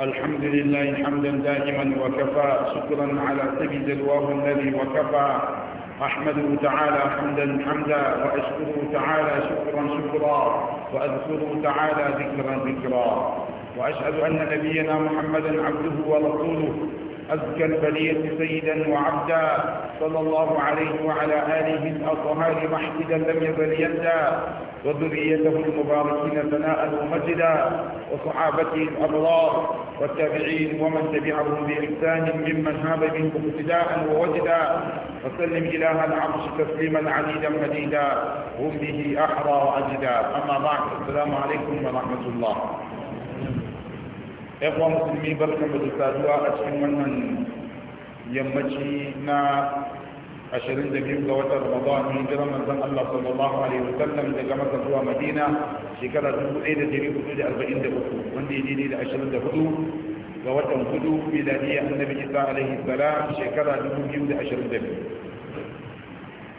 الحمد لله حمدا دائما وكفى شكرا على سبيل الواه الذي وكفى أحمده تعالى حمدا حمدا وأشكره تعالى شكرا شكرا وأذكره تعالى ذكرا ذكرا وأشهد أن نبينا محمدا عبده ورسوله أزكى البلية سيدا وعبدا صلى الله عليه وعلى آله الأطهار محسدا لم يزل يدا وذريته المباركين ثناء ومجدا وصحابته الأبرار والتابعين ومن تبعهم بإحسان ممن هاب منكم ابتداء ووجدا وسلم إله العرش تسليما عديدا مديدا هم به أحرى وأجدا أما بعد السلام عليكم ورحمة الله ya kuma musulmi barkan da saduwa a cikin wannan yammaci na 22 ga watan ramadan min jiran manzon Allah sallallahu alaihi wa sallam daga Makka zuwa Madina shekara 1443 wanda ya dide da 24 ga watan hudu miladiyya annabi Isa alaihi salam shekara 2022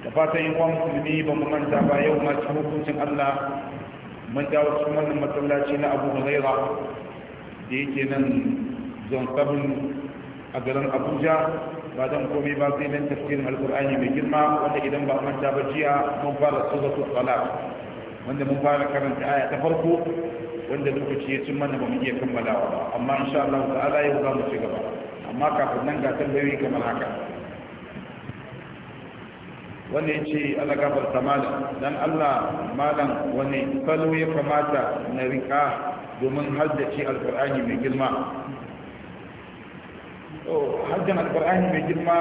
da fatan yin kwan musulmi ba mu manta ba yau ma cikin hukuncin Allah mun dawo cikin wannan masallaci na Abu Hurairah da yake nan zon sabon a garin abuja ba don komai ba sai nan tafsirin alkur'ani mai girma wanda idan ba manta ba jiya mun fara su tsala wanda mun fara karanta aya ta farko wanda lokaci ya cin mana ba mu iya kammalawa ba amma insha Allah ala yau za mu ci gaba amma kafin nan ga tambayoyi kamar haka wanda ya ce Allah gafarta malam dan Allah malam wani salo ya kamata na riƙa domin haddace alkur'ani mai girma haddan alkur'ani mai girma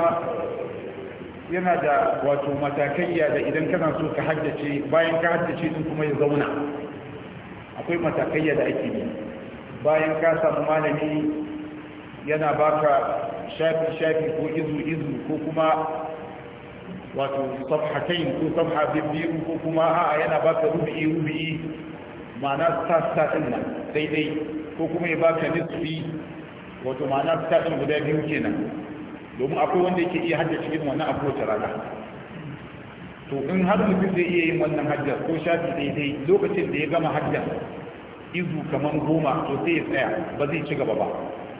yana da wato matakaiya da idan kana so ka haddace bayan ka haddace din kuma ya zauna akwai matakaiya da ake yi bayan ka samu malami yana baka shafi-shafi ko izu-izu ko kuma wato safhatain ko safha biyu ko kuma a'a yana baka rubi'i rubi'i ma'ana sassa ɗin nan daidai ko kuma ya baka nisfi wato ma'ana sassa ɗin guda biyu kenan domin akwai wanda yake iya hajjar cikin wannan abu wata rana to in har mutum zai iya yin wannan hajjar ko shafi daidai lokacin da ya gama hajjar izu kamar goma to sai ya tsaya ba zai ci gaba ba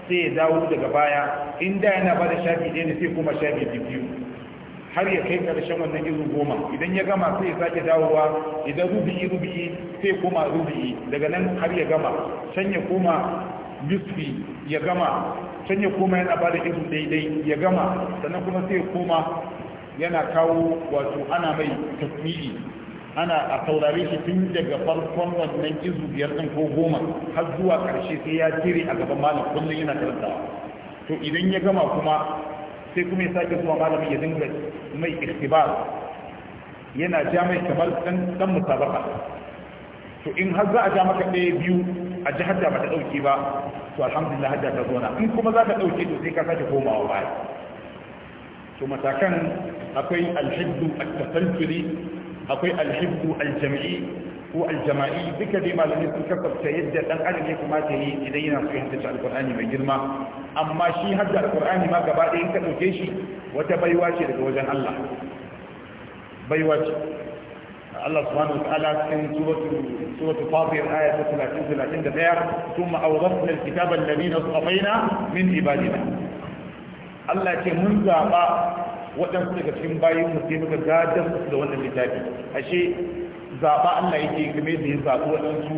sai ya dawo daga baya in da yana ba da shafi ɗaya ne sai kuma shafi biyu har ya kai karshen wannan irin goma idan ya gama sai ya sake dawowa idan rubi'i rubi'i sai koma rubi'i daga nan har ya gama can ya koma yusfi ya gama can ya koma yana bada irin daidai ya gama sannan kuma sai ya koma yana kawo wato ana mai tasmi'i ana a saurare shi tun daga farkon wannan izu biyar ɗin ko goma har zuwa ƙarshe sai ya jire a gaban malam kullum yana karantawa to idan ya gama kuma sai kuma ya sake zuwa malamin ya dinga mai ikhtibar yana ja mai kamar dan dan musabaka to in har za a ja maka ɗaya biyu a ji hajja ba ta ɗauki ba to alhamdulillah hajja ta zona in kuma za ka ɗauke to sai ka sake komawa baya to matakan akwai alhibdu at-tasalsuli akwai alhibdu al-jam'i ko aljama'i duka dai malamai sun kasafta yadda dan adam ya kamata yi idan yana so yanta shi alqur'ani mai girma amma shi har da alqur'ani ma gaba ɗaya in ka dauke shi wata baiwa ce daga wajen Allah baiwa ce الله سبحانه وتعالى في سورة سورة فاطر آية 30 31 ثم أوضحنا الكتاب الذين اصطفينا من عبادنا الله يتي من زابا mu في مبايو مسلمك da wannan littafi. Ashe? zaɓa Allah yake game da ya zaɓi waɗansu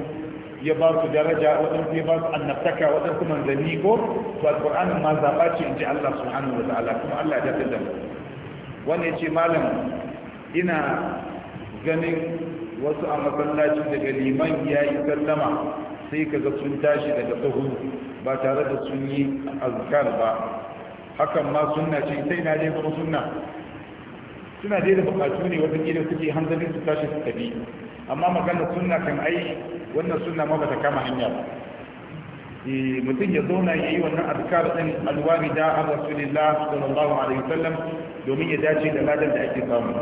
ya ba su daraja waɗansu ya ba su annabtaka waɗansu manzanni ko to alƙur'anin ma zaɓa ce in ji Allah subhanahu wa ta'ala kuma Allah ya dace da mu wanda ya ce malam ina ganin wasu a masallaci daga liman ya yi sallama sai ka ga sun tashi daga tsohu ba tare da sun yi azkar ba hakan ma sunna ce sai na je kuma sunna suna dai da bukatu ne wata kila suke hanzarin su tashi su tafi amma magana suna kan ai wannan suna ma bata kama hanya ba eh, mutum ya zauna ya yi wannan azkar din alwari da a rasulillah sallallahu alaihi wasallam domin ya dace da ladan da ake samu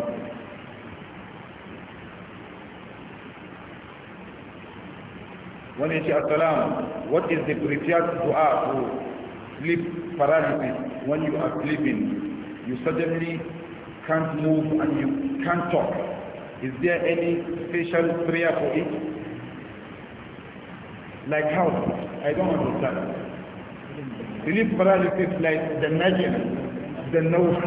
wani ce assalamu what is the preferred dua for sleep paralysis when you are sleeping you suddenly can't move and you can't talk. Is there any special prayer for it? Like how? I don't understand. Relief paralysis like the najim, the nose.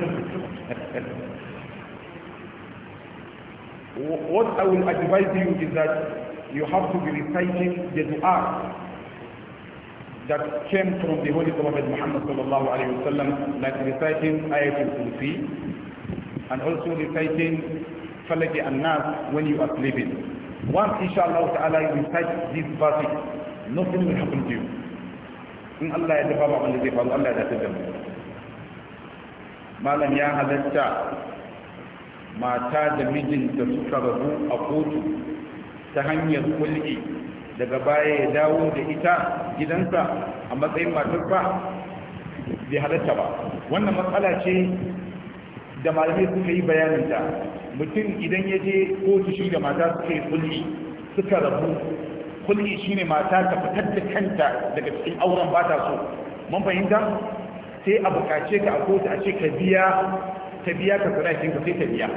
what I will advise you is that you have to be reciting the dua that came from the Holy Prophet Muhammad sallallahu alayhi wa sallam, like reciting Ayatul Kursi, and also reciting Falaki and Nas when you are sleeping. Once inshallah ta'ala you recite these verses, nothing will happen to you. In Allah ya dafa ba wanda zai faru Allah ya dace da mu. Malam ya halatta mata da mijin da suka rabu a kotu ta hanyar kulki daga baya ya dawo da ita gidansa a matsayin matarsa bai halatta ba wannan matsala ce da malamai suka yi bayanin ta mutum idan ya je kotu shi da mata suka yi kulli suka rabu kulli shine mata ta fitar da kanta daga cikin auren ba ta so mun fahimta sai a bukace ka a kotu a ce ka biya ka biya ka ka sai ka biya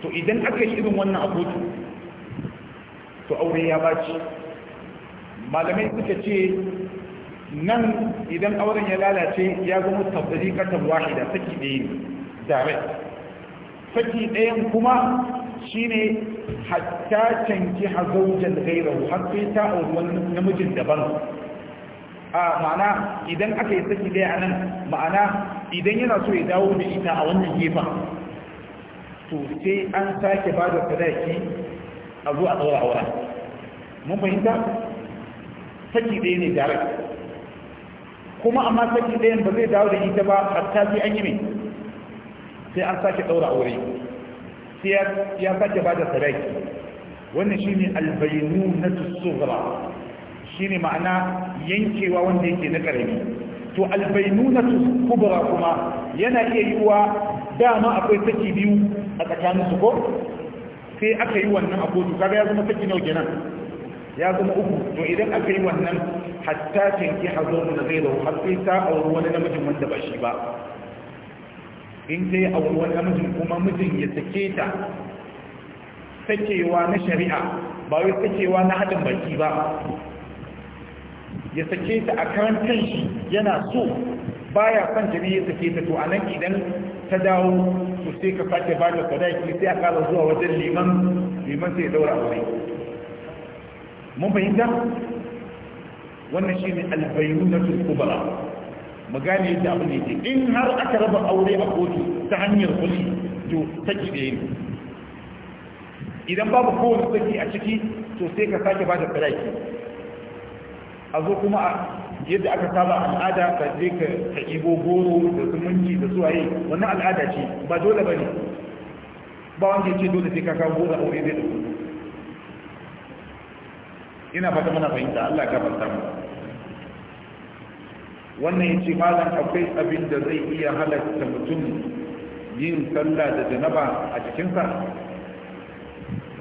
to idan aka yi irin wannan a kotu to aure ya baci malamai suka ce nan idan auren ya lalace ya zama tabbari katar wahida saki ɗaya ne direct saki ɗayan kuma shi shine hatta canki hazaujan gairahu har sai ta auri wani namijin daban a ma'ana idan aka yi saki ɗaya a nan ma'ana idan yana so ya dawo da ita a wannan gefen to sai an sake ba da sadaki a zo a ɗaura aura mun fahimta saki ɗaya ne direct kuma amma saki ɗayan ba zai dawo da ita ba hatta sai an yi mai sai an sake ɗaura aure sai ya sake ba da sadaki wannan shi ne albayinu na tussura shi ne ma'ana yankewa wanda yake na ƙarami to albainu na kubra kuma yana iya yiwuwa dama akwai saki biyu a tsakanin su ko sai aka yi wannan a kotu kaga ya zama saki nau kenan ya zama uku to idan aka yi wannan hatta tanki hazo na zai da har sai ta auri wani namijin wanda ba shi ba in ta yi auri wani namijin kuma mijin ya sake ta sakewa na shari'a ba wai sakewa na haɗin baki ba ya sake ta a kan kanshi yana so baya son jini ya sake ta to anan idan ta dawo to sai ka fata ba da sai a kala zuwa wajen liman liman sai daura aure mun fahimta wannan shine albayyinatul kubra mu gane yadda abin da ke in har aka raba aure a kotu ta hanyar kuli to saki da yin idan babu kowane tsaki a ciki to sai ka sake ba da firaki a zo kuma a yadda aka saba al'ada ka je ka ka ibo goro da zumunci da suwaye wannan al'ada ce ba dole ba ne ba wanda ya ce dole sai ka kawo goro aure zai da ina fata mana fahimta Allah ya gafarta mu wannan ya ce malam akwai abin da zai iya halatta mutum yin sallah da janaba a jikinsa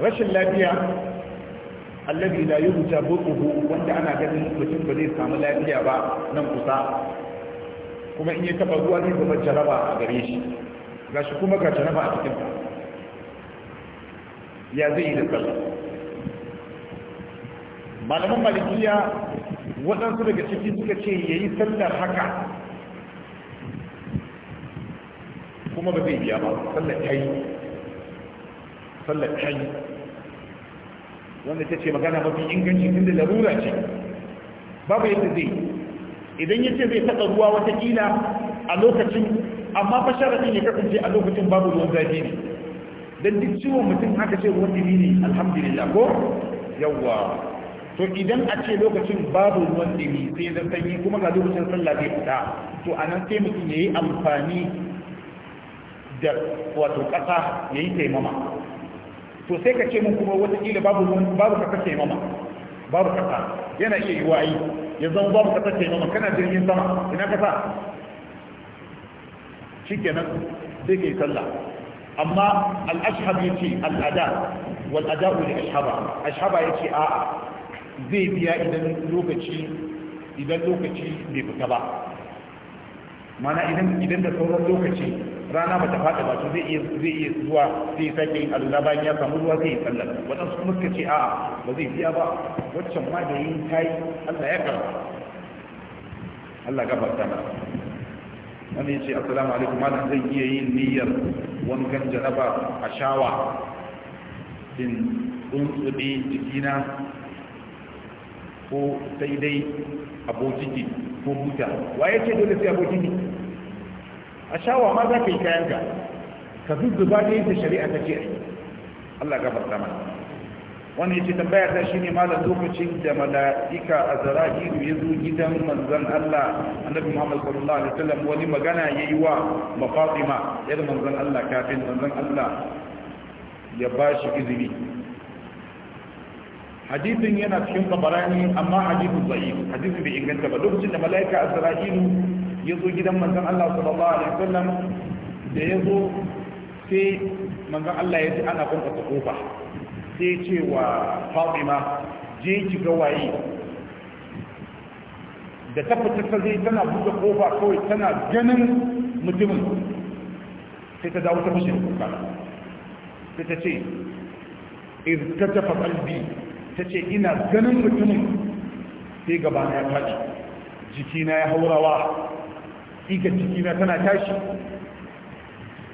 rashin lafiya allabi la yuhta butuhu wanda ana ganin mutum ba zai samu lafiya ba nan kusa kuma in ya taba ruwa zai zama jaraba a gare shi gashi kuma ga jaraba a cikinsa ya zai yi da sallah malaman malikiya waɗansu daga ciki suka ce ya yi sallar haka kuma ba zai biya ba sallar ta yi sallar ta yi wanda ta ce magana mafi inganci tun da larura ce babu yadda zai idan ya ce zai taɗa ruwa watakila a lokacin amma fa sharaɗin ya kasance a lokacin babu ruwan zafi ne don duk ciwon mutum haka ce ruwan dini ne alhamdulillah ko yawwa to idan a ce lokacin babu ruwan dumi sai da sanyi kuma ga lokacin sallah zai fita to a nan sai mutum ya yi amfani da wato ƙasa ya yi taimama to sai ka ce mun kuma wataƙila babu babu ƙasa taimama babu ƙasa yana iya yi wa'ayi ya zama babu ƙasa taimama kana jirgin sama ina ƙasa shikenan sai ka yi sallah amma al'ashhab yace al'ada wal ada'u li ashhaba ashhaba yace a'a zai biya idan lokaci idan lokaci bai fita ba mana idan da sauran lokaci rana ba ta fada ba su zai iya zuwa zai sake yin alula bayan ya samu ruwa zai sallar wadansu kuma suka ce a'a ba zai biya ba waccan ma da yin tayi Allah ya karba Allah gafarta mana wani ce assalamu alaikum malam zai iya yin niyyar wani kan janaba a shawa in tsuntsuɗe jikina ko sai dai abokiki ko buta waye ce dole sai abokiki a shawa ma za ka yi kayanka ka zuzzuba ta da ta shari'a ta ce Allah gafarta mana wani ya ce tambaya ta shi ne malar lokacin da mala'ika a zara'iru ya zo gidan manzan Allah annabi Muhammad sallallahu alaihi wasallam wani magana ya yi wa mafatima yadda manzan Allah kafin manzan Allah ya ba shi izini hadisin yana cikin tabarani amma hadisin zai hadisin bai inganta ba lokacin da mala'ika azra'ilu ya zo gidan manzon Allah sallallahu alaihi wasallam da ya zo sai manzon Allah ya ce ana kunta ta kofa sai ce wa Fatima je ki ga waye da ta fita ta zai tana buɗe kofa kawai tana ganin mutumin sai ta dawo ta mishi kuka sai ta ce iz katafa qalbi ta ce ina ganin mutumin sai gaba ya faɗi jikina ya haurawa ika jikina tana tashi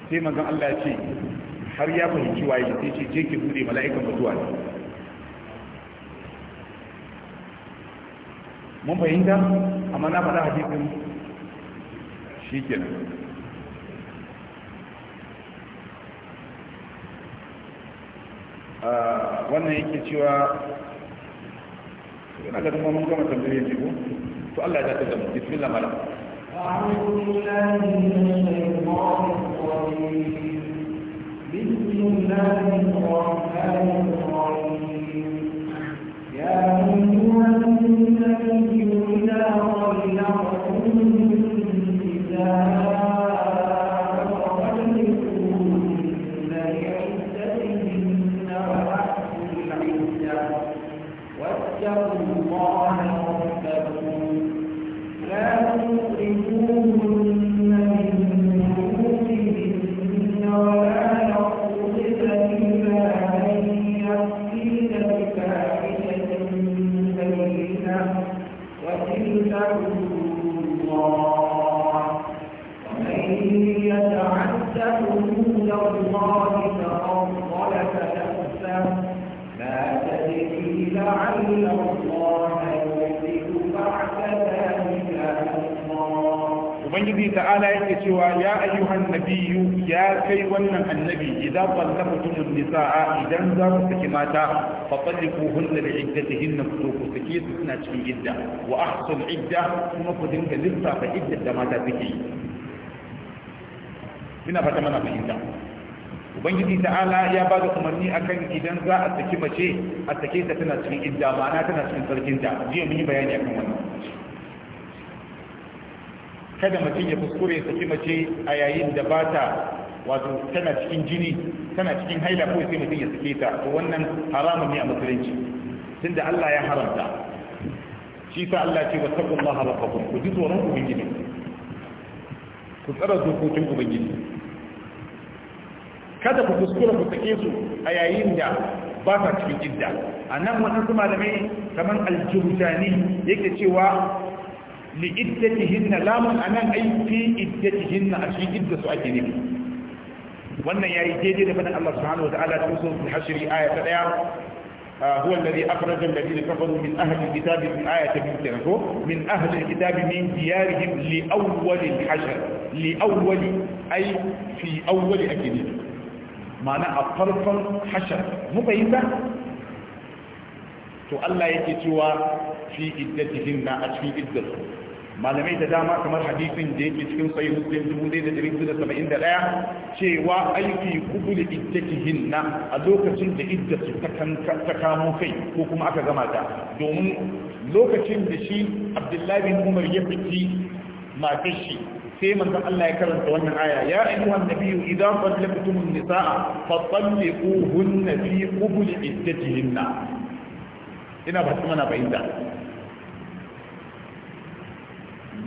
sai magan Allah ya ce har ya fahimci waye sai ce je ki bude mala'ikan mutuwa ne mun fahimta amma na faɗa hadisin shi kenan Uh, wannan yake cewa yana da kuma mun gama tambaye ji ko to Allah ya ta da mu bismillah malam بسم الله الرحمن الرحيم يا أيها النبي إذا طلقتم mata fatalliquhun li iddatihin ku ku sake su suna cikin idda wa ahsul idda kuma ku dinga lissafa iddar da mata suke yi ina fata mana fahimta ubangiji ta'ala ya ba da umarni akan idan za a saki mace a sake ta tana cikin idda ma'ana tana cikin sarkinta jiya mun yi bayani akan wannan kada mutum ya kuskure saki mace a yayin da ba ta wato tana cikin jini tana cikin haila ko sai mutum ya sake ta to wannan haramun ne a musulunci tunda Allah ya haramta shi sa Allah ce wa taqullaha rabbakum ku ji tsoron ubangiji ku tsara dokokin ubangiji kada ku kuskura ku sake su a yayin da ba sa cikin jidda a nan wani waɗansu malamai kamar aljurjani yake cewa li iddatihinna lamun anan ai fi iddatihinna a cikin idda su ake nufi wannan yayi daidai da faɗin Allah subhanahu wa ta'ala cikin suratul hashr هو الذي أخرج الذين كفروا من أهل الكتاب من آية من أهل الكتاب من ديارهم لأول الحشر لأول أي في أول أكيد معنى الطرف الحشر مبينة تو الله يكتوى في إدتهن أشفي إدتهم malamai da dama kamar hadisin da yake cikin sahih muslim ɗaya, cewa aiki kubul iddatihin na a lokacin da iddatu ta kamo kai ko kuma aka gama ta domin lokacin da shi abdullahi bin umar ya fiti matar shi sai manzon Allah ya karanta wannan aya ya ayyuhan nabiyyu idza talaqtumun nisaa fatalliquhunna fi qubul iddatihinna ina ba kuma na bayyana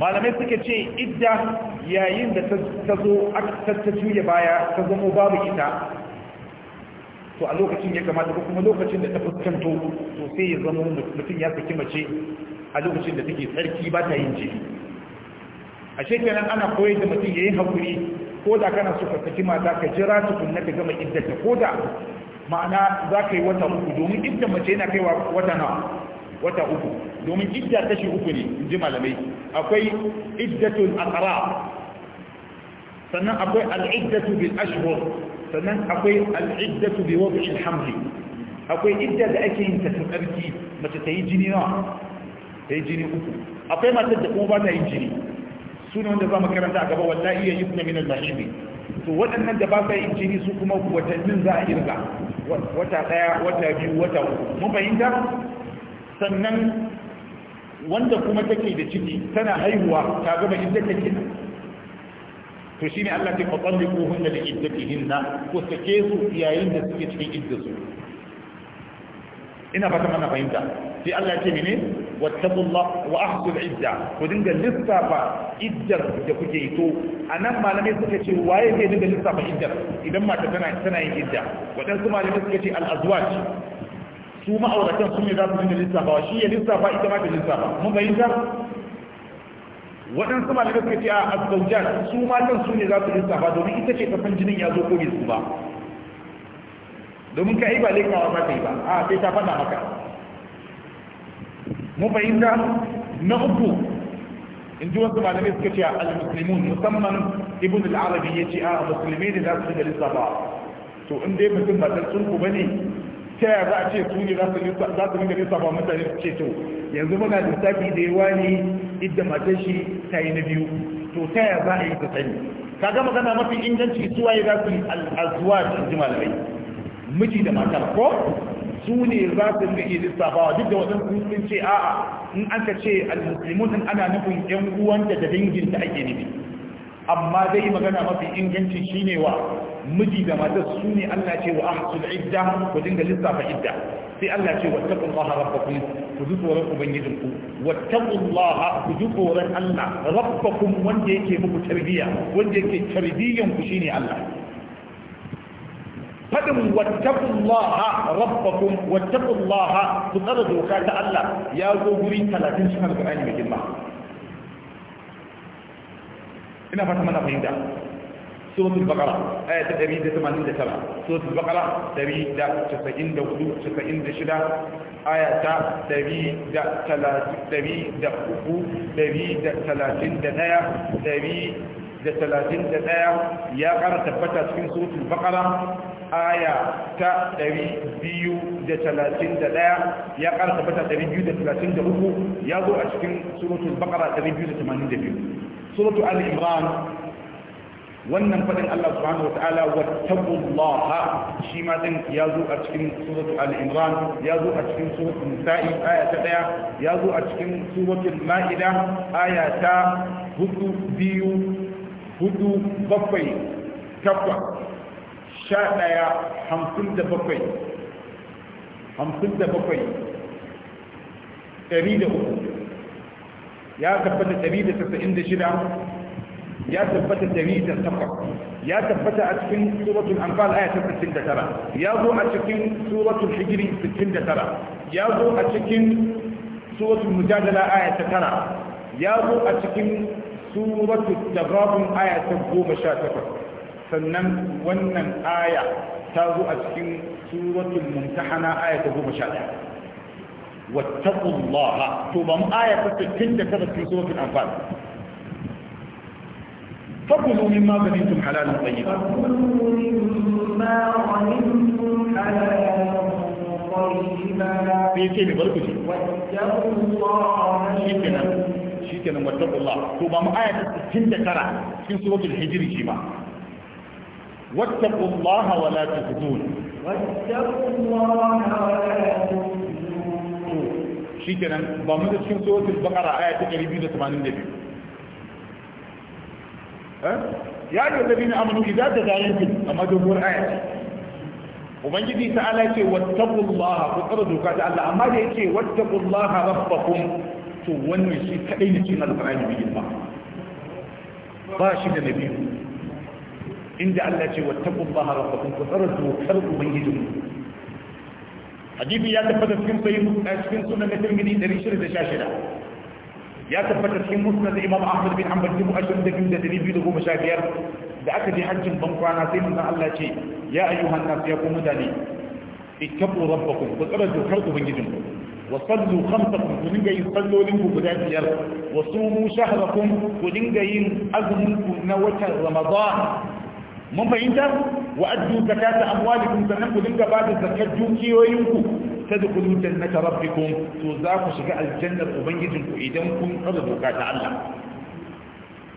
malamai suke ce idda yayin da ta zo ta juya baya ta zama babu ita to a lokacin ya kamata ko kuma lokacin da ta fuskanto to sai ya zama mutum ya saki mace a lokacin da take tsarki ba ta yin jini a shekaran ana koyar da mutum ya yi haƙuri ko da kana so ka saki mata ka jira tukunna ka gama iddata ko da ma'ana za ka yi wata uku domin idda mace yana kaiwa wata uku domin idda shi uku ne in ji malamai akwai iddatul aqra sannan akwai al'iddatu bil ashhur sannan akwai al'iddatu bi wad'i al-hamli akwai idda da ake yin ta tsarki mace ta yi jini nawa ta yi jini uku akwai matar da kuma ba ta yi jini suna wanda za mu karanta a gaba wallahi ya yubna min al-mahimi to waɗannan da ba sa yin jini su kuma watannin za a irga wata ɗaya wata biyu wata uku mun fahimta sannan wanda kuma take da ciki tana haihuwa ta gama iddata kenan to shi ne Allah ke fatalli ko hunna da iddatihinna ko sake su yayin da suke cikin su. ina fata mana fahimta sai Allah ya ce mene wattaqullah wa ahsul idda ku dinga lissafa iddar da kuke yi to a nan malamai suka ce waye zai dinga lissafa iddar idan mata tana tana yin idda wadansu malamai suka ce al azwaj su ma'auratan su ne za su dinga lissafa shi ya lissafa ita ma ta lissafa mun fahimta waɗansu malamai suka ce a azzaujan su matan su ne za su lissafa domin ita ce kafin jinin ya zo ko bai su ba domin ka yi ba lekawa za ta yi ba a sai ta faɗa maka mun fahimta na uku in ji wasu malamai suka ce al-muslimun musamman ibn al-arabi ya ce a musulmi ne za su dinga lissafa to in dai mutum ba dan ba ne. ta yaya za a ce su ne za su ringa lissafa mutane su ce to yanzu muna lissafi da yawa ne idda matan shi ta yi na biyu to ta yaya za a yi ta sani ka ga magana mafi inganci su waye za su yi al'azuwa da jima malamai miji da matar ko su ne za su ringa iya lissafawa duk da waɗansu sun ce a'a in an ka ce al-muslimun ana nufin yan uwan da da ake nufi amma dai magana mafi inganci shine wa miji da matar su ne Allah ce wa ahsul idda ku dinga lissafa idda sai Allah ce wattaqullaha rabbakum ku ji tsoron ubangijin ku wattaqullaha ku ji tsoron Allah rabbakum wanda yake muku tarbiya wanda yake tarbiyan ku shine Allah fadin wattaqullaha rabbakum wattaqullaha ku tsara doka ta Allah ya zo guri 30 cikin alqur'ani mai girma إن فتح منا فيندا سورة البقرة آية تبيد ثمانين سبعة سورة البقرة تبيد تسعين دوود تسعين دشدا آية تبيد ثلاث تبيد أبو تبيد ثلاثين دنيا تبيد ثلاثين دنيا يا قرة تبتة في سورة البقرة آية تبيديو ثلاثين دنيا يا قرة تبتة تبيديو ثلاثين دوود يا ذو أشكن سورة البقرة تبيديو ثمانين دوود suratu al-imran wannan faɗin Allah subhanahu wa ta'ala wa wattaqullaha shi ma din ya zo a cikin suratul al-imran ya zo a cikin suratul nisa'i aya ta daya ya zo a cikin suratul ma'ida aya ta hudu biyu hudu bakwai takwa sha daya hamsin da bakwai hamsin da bakwai ɗari da uku ya tabbata shida, ya tabbata dari da takwas ya tabbata a cikin suratul anfal aya ta da tara. ya zo a cikin suratul da tara. ya zo a cikin suratul mujadala aya ta tara. ya zo a cikin suratul tabrabun aya ta goma sha 18 sannan wannan aya ta zo a cikin suratul mumtahana aya ta goma sha ɗaya. واتقوا الله تبم آية 69 في سورة الأنفال فكلوا مما بنيتم حلالا طيبا مما حلالا طيبا في واتقوا الله واتقوا الله آية في سورة الحجر واتقوا الله ولا تخزون واتقوا الله ولا تخزون shikenan ba mu da cikin suratul baqara aya ta 282 eh ya ayyuhal ladina amanu idza tazayantum amma dogon aya ubangiji ta ala ce wattaqullaha ku tsara doka ta Allah amma da yake wattaqullaha rabbakum to wannan shi kadai ne cikin alqur'ani mai girma ba shi da nabi inda Allah ce wattaqullaha rabbakum ku tsara dokar ubangijinku hadisi ya tabbata cikin sahih cikin sunan na tirmidhi 616 ya tabbata cikin musnad imam ahmad bin hanbal bin ashr da bin da biyu da goma sha biyar da aka je hajjin ban kwana sai manzon Allah ce ya ayyuhan nas ya ku mutane ittaqu rabbakum ku tsara dokar ubangijinku وصلوا خمسكم كننجا يصلوا لكم قدام يلا وصوموا شهركم كننجا na نوة رمضان mun fahimta wa addu zakata amwalikum sannan ku dinga bada zakat dukiyoyinku tadkhulu jannata rabbikum to za ku shiga aljannar ku idan kun tsara doka ta Allah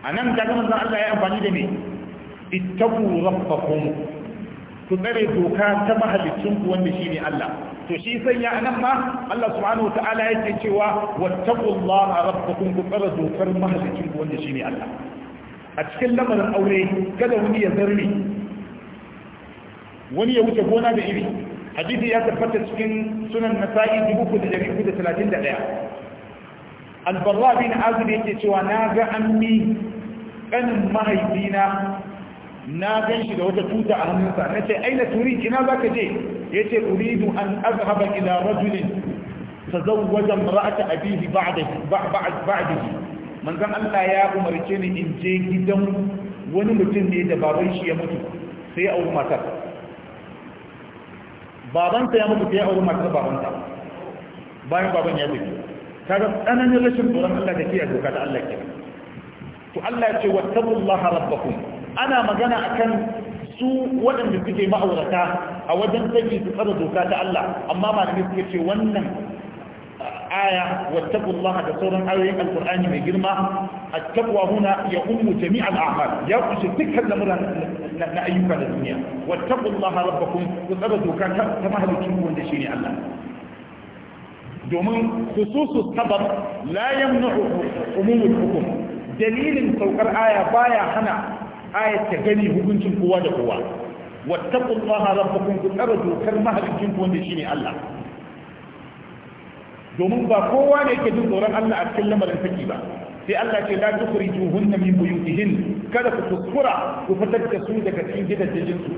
anan kaga manzon Allah ya amfani da me ittaqu rabbakum ku tsare doka ta ku wanda shine Allah to shi sanya anan ma Allah subhanahu wataala yake cewa wattaqullaha rabbakum ku tsara dokar ku wanda shine Allah a cikin lamarin aure kada wani ya zarri wani ya wuce gona da iri hadisi ya tabbata cikin sunan nasa'i 3,331 albarra bin azir yake cewa na ga ammi kanin mahaifina na gan shi da wata tuta a hannunsa na ce aina turi ina za ka je ya ce uridu an azhaba ila rajulin tazawwaja imra'ata abihi ba'dahi manzon Allah ya umarce ni in je gidan wani mutum ne da baban shi ya mutu sai auri matar Baban ta ya mutu sai auri matar baban ta, bayan baban ya tafi kaga tsananin rashin tsoron Allah da kiyaye doka da Allah ke to Allah ya ce wattaqullaha rabbakum ana magana akan su waɗanda suke ma'aurata a wajen saki su tsara doka ta Allah amma malami suke ce wannan aya wattaqullaha da sauran ayoyin alqur'ani mai girma at-taqwa huna ya ummu jami'al a'mal ya kusa dukkan lamuran na ayyuka da duniya wattaqullaha rabbakum ku tsara doka ta mahalicin wanda shine Allah domin khususus sabab la yamna'u umumul hukum dalilin saukar aya baya hana ayat ta gani hukuncin kowa da kowa wattaqullaha rabbakum ku tsara dokar mahalicin wanda shine Allah domin ba kowa ne yake jin tsoron Allah a cikin lamarin saki ba sai Allah ce la tukhriju hunna min buyutihin kada ku tukura ku fitar da su daga cikin gidajen su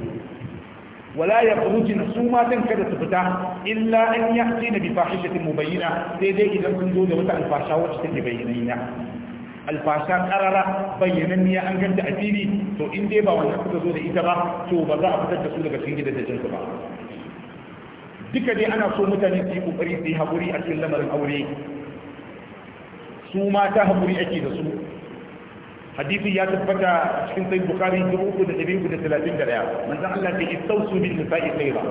wala yakhrujuna suma din kada su fita illa an ya'ti bi fahishatin mubayyina sai dai idan kun zo da wata alfasha wacce take bayyana alfasha karara bayyanan ne an ganta a fili to in dai ba wannan kuka zo da ita ba to ba za a fitar da su daga cikin gidajen su ba duka dai ana so mutane su yi kokari su yi haƙuri a cikin lamarin aure su mata haƙuri ake da su hadisi ya tabbata cikin sai bukari 3331 manzon Allah ya ce istausu bil nisa'i khayra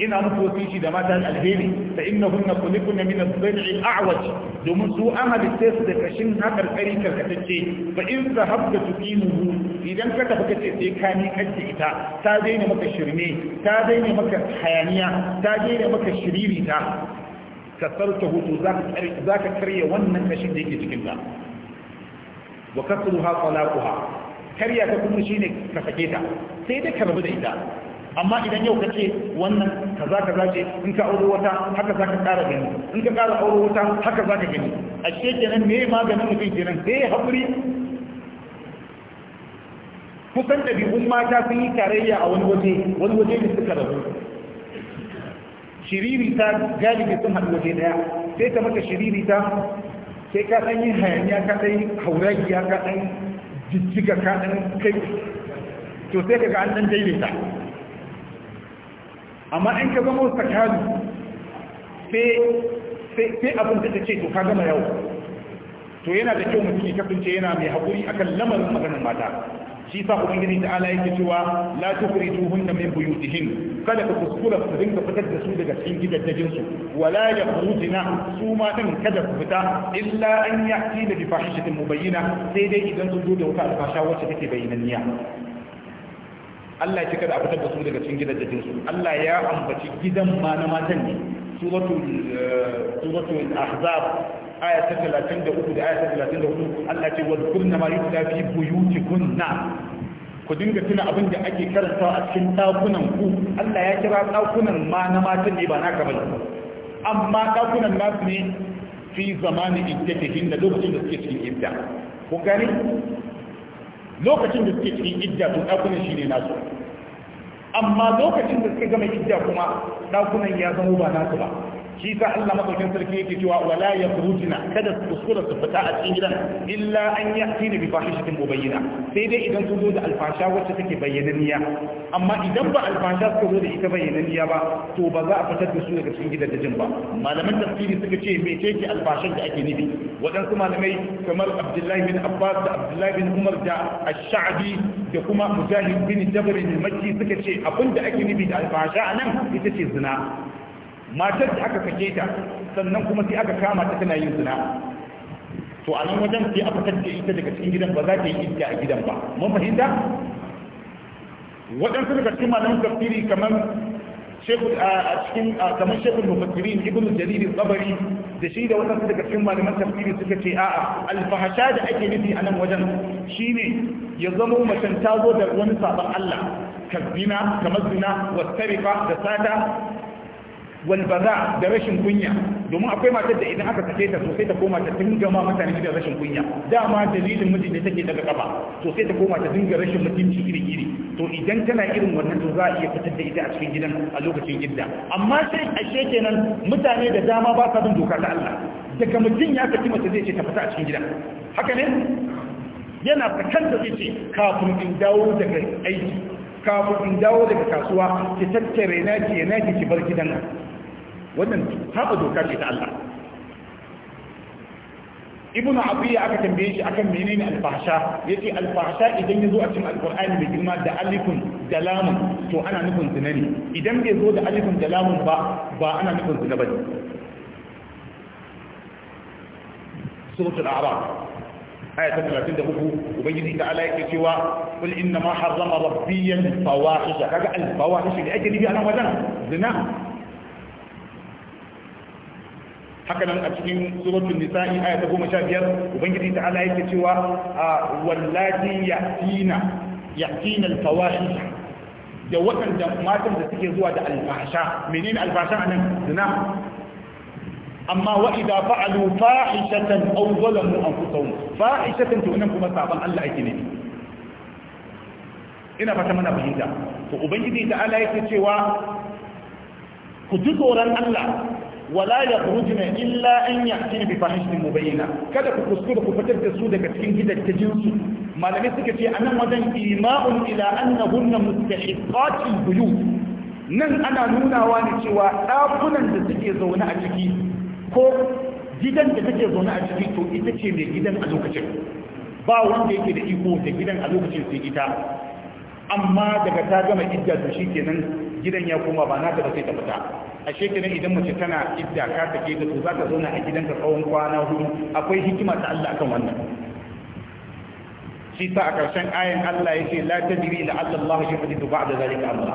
ina muku wasiyi da mata alheri fa innahunna kulikun min as-sam'i a'waj domin su amali sai su da kashin hakar kari karkatacce fa in zahabta tuqimuhu idan ka tafi kace sai ka ni kace ita ta daina maka shirme ta daina maka hayaniya ta daina maka shiririta kasarta hutu zaka karya wannan kashin da yake cikin ka wa kasruha talaquha kariya ta kuma shine ka sake ta sai dai ka rabu da ita amma idan yau kace wannan kaza kaza ce in ka aure wata haka zaka ƙara gani in ka ƙara aure wata haka zaka gani a kenan me maganin mutum kenan sai hakuri kusan umma mata sun yi tarayya a wani waje wani waje ne suka rabu shiriri ta galibi sun haɗu waje ɗaya sai ta maka shiriri ta sai ka ɗan yi hayaniya ka ɗan yi ya ka ɗan jijjiga ka ɗan kai to sai ka ga an ɗan daidaita amma in ka zama tsakani sai abin da ta ce to ka gama yau to yana da kyau mutum ya kasance yana mai haƙuri akan lamarin maganin mata shi sa ubangiji ta ala yake cewa la tukhrijuhunna min buyutihin kada ka kuskura su dinga fitar da su daga cikin gidajen su wala yakhrujna su ma din kada ku fita illa an ya'ti bi fahishatin mubayyina sai dai idan sun zo da wata alfasha wacce take bayyananniya Allah ya ce kada a fitar da su daga cikin gidajen su Allah ya ambaci gidan ma na matan ne suratul eh, suratul ahzab aya ta 33 da aya ta 34 Allah ce wadkurna ma yutla fi buyutikunna ku dinga tuna abin da ake karantawa a cikin dakunan ku Allah ya kira ɗakunan ma na matan ne ba naka bane amma dakunan nasu ne fi zamanin iddatihin da lokacin da suke cikin idda ku gani lokacin da suke cikin idda to dakunan shine nasu amma lokacin da suke gama idda kuma ɗakunan ya zama ba nasu ba shi sa Allah madaukakin sarki yake cewa wala yakhrujna kada su kuskura su fita a cikin gidan illa an ya'ti bi fahishatin mubayyana sai dai idan sun zo da alfasha wacce take bayyananiya, amma idan ba alfasha suka zo da ita bayyananiya ba to ba za a fitar da su daga cikin gidan dajin ba malaman tafsiri suka ce mecece alfashan da ake nufi waɗansu malamai kamar Abdullahi bin Abbas da Abdullahi bin Umar da Ash-Sha'bi da kuma Mujahid bin Jabr bin Makki suka ce abinda ake nufi da alfasha nan ita ce zina matar da aka sake ta sannan kuma sai aka kama ta tana yin zina to a nan wajen sai aka fitar ita daga cikin gidan ba za ta yi iska a gidan ba mun fahimta waɗansu daga cikin malamin tafsiri kamar shekul a cikin kamar shekul mufassirin ibn jarir al-qabari da shi da waɗansu daga cikin malaman tafsiri suka ce a'a alfahasha da ake nufi a nan wajen shine ya zamo macen ta zo da wani sabon Allah kazina kamar zina wasarifa da sata walbaza da rashin kunya domin akwai matar da idan aka sake ta sosai ta koma ta dinga ma mutane da rashin kunya dama dalilin miji da take daga kafa sosai ta koma ta dinga rashin mutunci iri iri to idan tana irin wannan to za a iya fitar da ita a cikin gidan a lokacin gidda amma sai ashe kenan mutane da dama ba sa bin doka ta Allah daga mutum ya saki mace zai ce ta fita a cikin gidan haka ne yana fakan da zai ce kafin in dawo daga aiki kafin in dawo daga kasuwa ki tattare na ki yana ki bar gidan wannan haɓa doka ce ta Allah ibn abiya aka tambaye shi akan menene alfahsha yace alfahsha idan yazo a cikin alqur'ani mai girma da alifun dalam to ana nufin zina ne idan bai zo da alifun dalam ba ba ana nufin zina bane suratul a'raf aya ta 33 ubangiji ta yake cewa kul inna ma harrama إنما fawahisha kaga alfawahisha da ake nufi a nan wajen zina haka nan a cikin suratul nisa'i aya ta goma sha biyar ubangiji ta ala yake cewa wallahi ya'tina ya'tina al da waɗanda matan da suke zuwa da alfasha menene alfasha anan zina amma wa idza fa'alu fahishatan aw zalamu anfusahum fahishatan to nan kuma saban Allah yake ne ina fata mana fahimta to ubangiji ta ala yake cewa ku ji tsoron Allah wala ya kurujina illa an ya cikin bifahishin mubayyana kada ku kuskura ku fitar da su daga cikin gidajensu malamai suka ce anan wajen ima'un ila annahunna mustahiqatil buyut nan ana nunawa ne cewa ɗakunan da suke zaune a ciki ko gidan da take zaune a ciki to ita ce mai gidan a lokacin ba wanda yake da iko da gidan a lokacin sai ita amma daga ta gama idda to shi kenan gidan ya koma ba naka da sai ta fita a shekaran idan mace tana idda ka take ta to za ta zauna a gidanka tsawon kwana hudu akwai hikima ta Allah akan wannan shi ta a ƙarshen ayan Allah ya ce la tadri la Allah ya hadithu ba'da zalika amra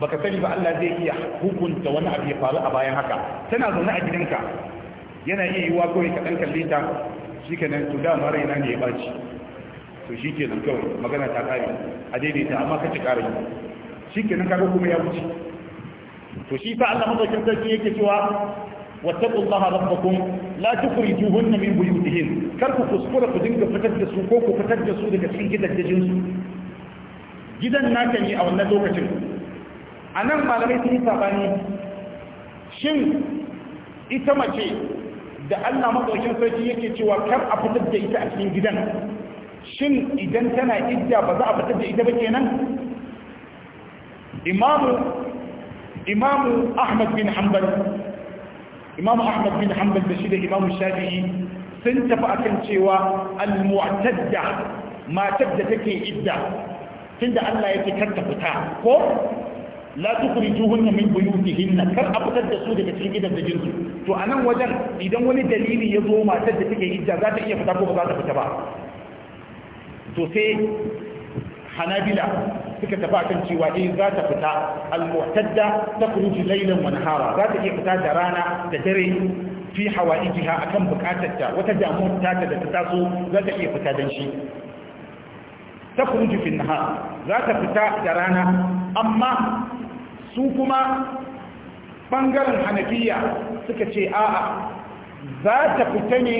baka sani ba Allah zai iya hukunta wani abu ya faru a bayan haka tana zaune a gidanka yana iya yiwa kawai ka dan kalle ta shikenan to da ma raina ne ya baci to shi ke nan kawai magana ta kare a daidaita amma ka ci kare shi ke nan kaga kuma ya wuce to shi sa Allah madaukin sarki yake cewa wattaqu Allah rabbakum la tukhrijuhunna min buyutihin kar ku kuskura ku dinga fitar da su ko ku fitar da su daga cikin gidajen su gidan naka ne a wannan lokacin a nan malamai sun yi sabani shin ita mace da Allah madaukin sarki yake cewa kar a fitar da ita a cikin gidan shin idan tana idda ba za a fitar da ita ba kenan imamu imamu ahmad bin hanbal imamu ahmad bin hanbal da shi da imamu shafi'i sun tafi akan cewa al-mu'tadda matar da take idda tunda Allah ya ce kar ta fita ko la tukhrijuhunna min buyutihinna kar a fitar da su daga cikin gidan da jinsu to anan wajen idan wani dalili ya zo matar da take idda za ta iya fita ko ba za ta fita ba Sosai hanabila suka tafi akan cewa eh za ta fita al-mu'tadda takhruju laylan wa nahara za ta iya fita da rana da dare fi hawaijiha akan ta, wata damuwar ta da ta taso za ta iya fita dan shi takhruju fi nahar za ta fita da rana amma su kuma bangaren hanafiya suka ce a'a za ta fita ne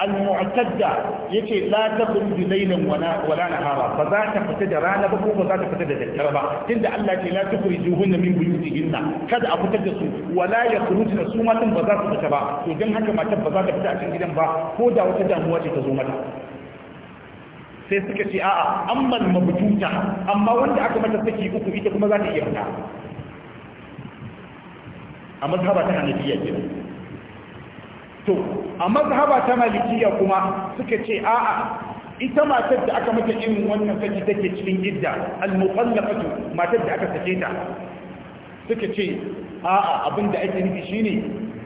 al-mu'tadda yace la takum bi laylan wala wala nahara ba za ta fita da rana ba ko ba za ta fita da daddare ba tunda Allah ce la tukhrijuhunna min buyutihinna kada a fita da su wala yakhrujna su matan ba za su fita ba to dan haka matan ba za ta fita a cikin gidan ba ko da wata damuwa ce ta zo mata sai suka ce a'a ammal mabtuta amma wanda aka mata saki uku ita kuma za ta iya fita a mazhaba ta hanafiya kenan to a mazhaba ta malikiya kuma suka ce a'a ita matar da aka mata irin wannan saki take cikin gidda, al-muqallaqatu matar da aka sake ta suka ce a'a abinda ake nufi shine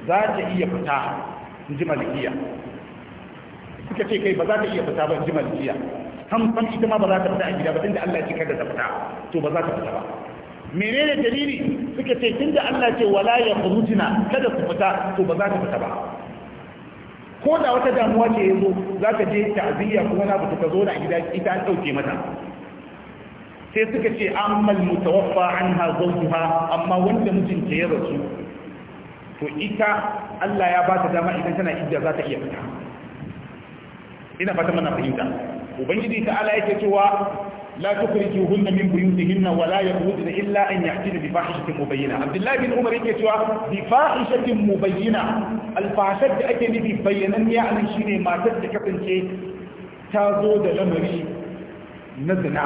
za ta iya fita inji malikiya suka ce kai ba za ta iya fita ba inji malikiya hamsan ita ma ba za ta fita a gida ba tunda Allah ya ce kada ta fita to ba za ta fita ba menene dalili suka ce tunda Allah ya ce wala ya khurujna kada su fita to ba za ta fita ba ko da wata damuwa ce ya zo za ka je ta'aziyya ko na abu ta zo da gida ita an ɗauke mata sai suka ce ammal mutawaffa anha zawjuha amma wanda mijinta ya rasu to ita Allah ya ba ta dama idan tana idda za ta iya fita ina fata mana fahimta ubangiji ta ala yake cewa la tukhrijuhunna min buyutihinna wa la yakhrujna illa an ya'tina bi fahishatin mubayyina Abdullah bin Umar yake cewa bi fahishatin mubayyina alfahashat da ake nufi bayyanan ya anan shine matar da kasance ta zo da lamari na zina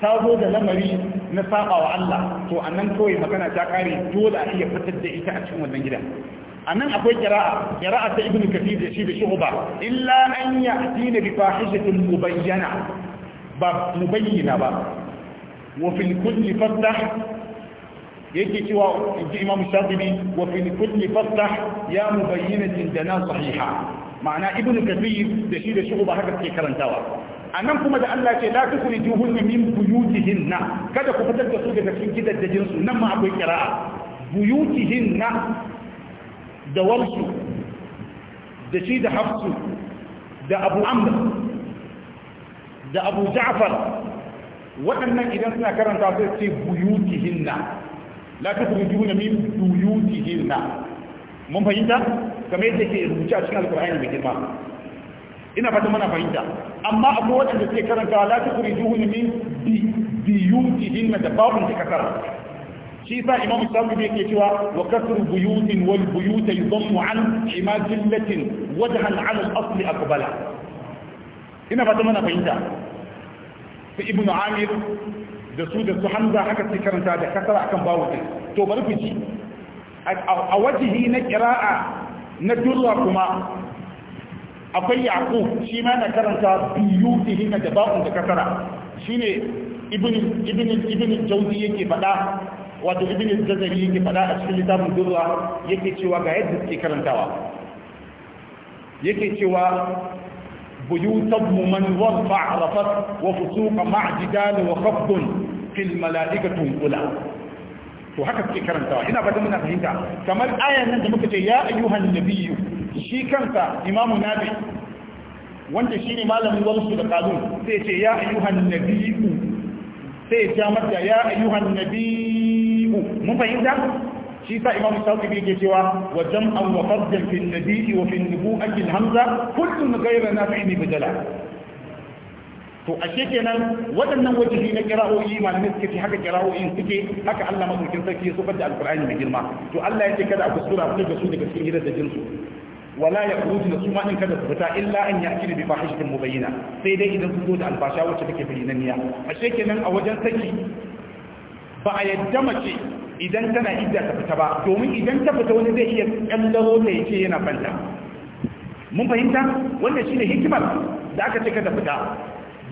ta zo da lamari na saba wa Allah to annan kawai magana ta kare dole a iya fitar da ita a cikin wannan gidan annan akwai kira'a kira'a ta ibnu kathir da shi da shu'ba illa an ya'tina bi fahishatin mubayyana ba mu bayyana ba wa fil kulli fattah yake cewa inji imam shafi'i wa fil kulli fattah ya mubayyana dana sahiha ma'ana ibnu kathir da shi da ba haka ke karantawa anan kuma da Allah ce la tukhrijuhunna min buyutihinna kada ku fitar da su daga cikin gidajen su nan ma akwai qira'a buyutihinna da warsu da shi da hafsu da abu amr da abu ja'far waɗannan idan suna karanta sai ce buyutihinna la tukhrijuna min buyutihinna mun fahimta kamar yadda ke rubuce a cikin alkur'ani mai girma ina fata mana fahimta amma akwai waɗanda suke karanta la tukhrijuna min buyutihinna da babun da kasara shi sa imam sabu ne ke cewa wa kasru buyutin wal buyuta yudammu an ima wajen wajhan ala al-asli aqbala ina fata mana fahimta su ibnu amir da su da su hamza haka su karanta da kasar akan bawo din to bari ku ji a wajihi na qira'a na durwa kuma akwai yaqub shi ma na karanta biyu biyutihi na da ba'un da kasara shine ibn ibn ibn yake faɗa, wato ibn jazari yake faɗa a cikin littafin durra yake cewa ga yadda suke karantawa yake cewa بيوت من ظرف عرفت وفسوق مع جدال وخفض في الملائكة أولى to haka suke karantawa ina fata muna fahimta kamar ayan da muka ce ya ayyuhan nabiyyu shi kansa imamu nabi wanda shine malamin wasu da kalun sai ce ya ayyuhan nabiyyu sai ya fahimta shi sa imam shafi'i ke cewa wa jam'an wa fardan fi nabii wa fi nubu'ati hamza kullun ghayra nafi'in bidala to ashe kenan waɗannan wajihi na kira'o'i malamai suka ce haka kira'o'in suke haka Allah madaukin sarki ya sofar da alqur'ani mai girma to Allah ce kada a kuskura ku da su daga cikin gidan da jinsu wala ya kurutu da su ma in kada su fita illa an ya kiri bi fahishatin bayyana. sai dai idan su zo da albasha wacce take bayyana ashe kenan a wajen saki ba a yadda mace idan tana idda ta fita ba domin idan ta fita wani zai iya kallaro ta yace yana fanta mun fahimta wannan shine hikimar da aka ce da fita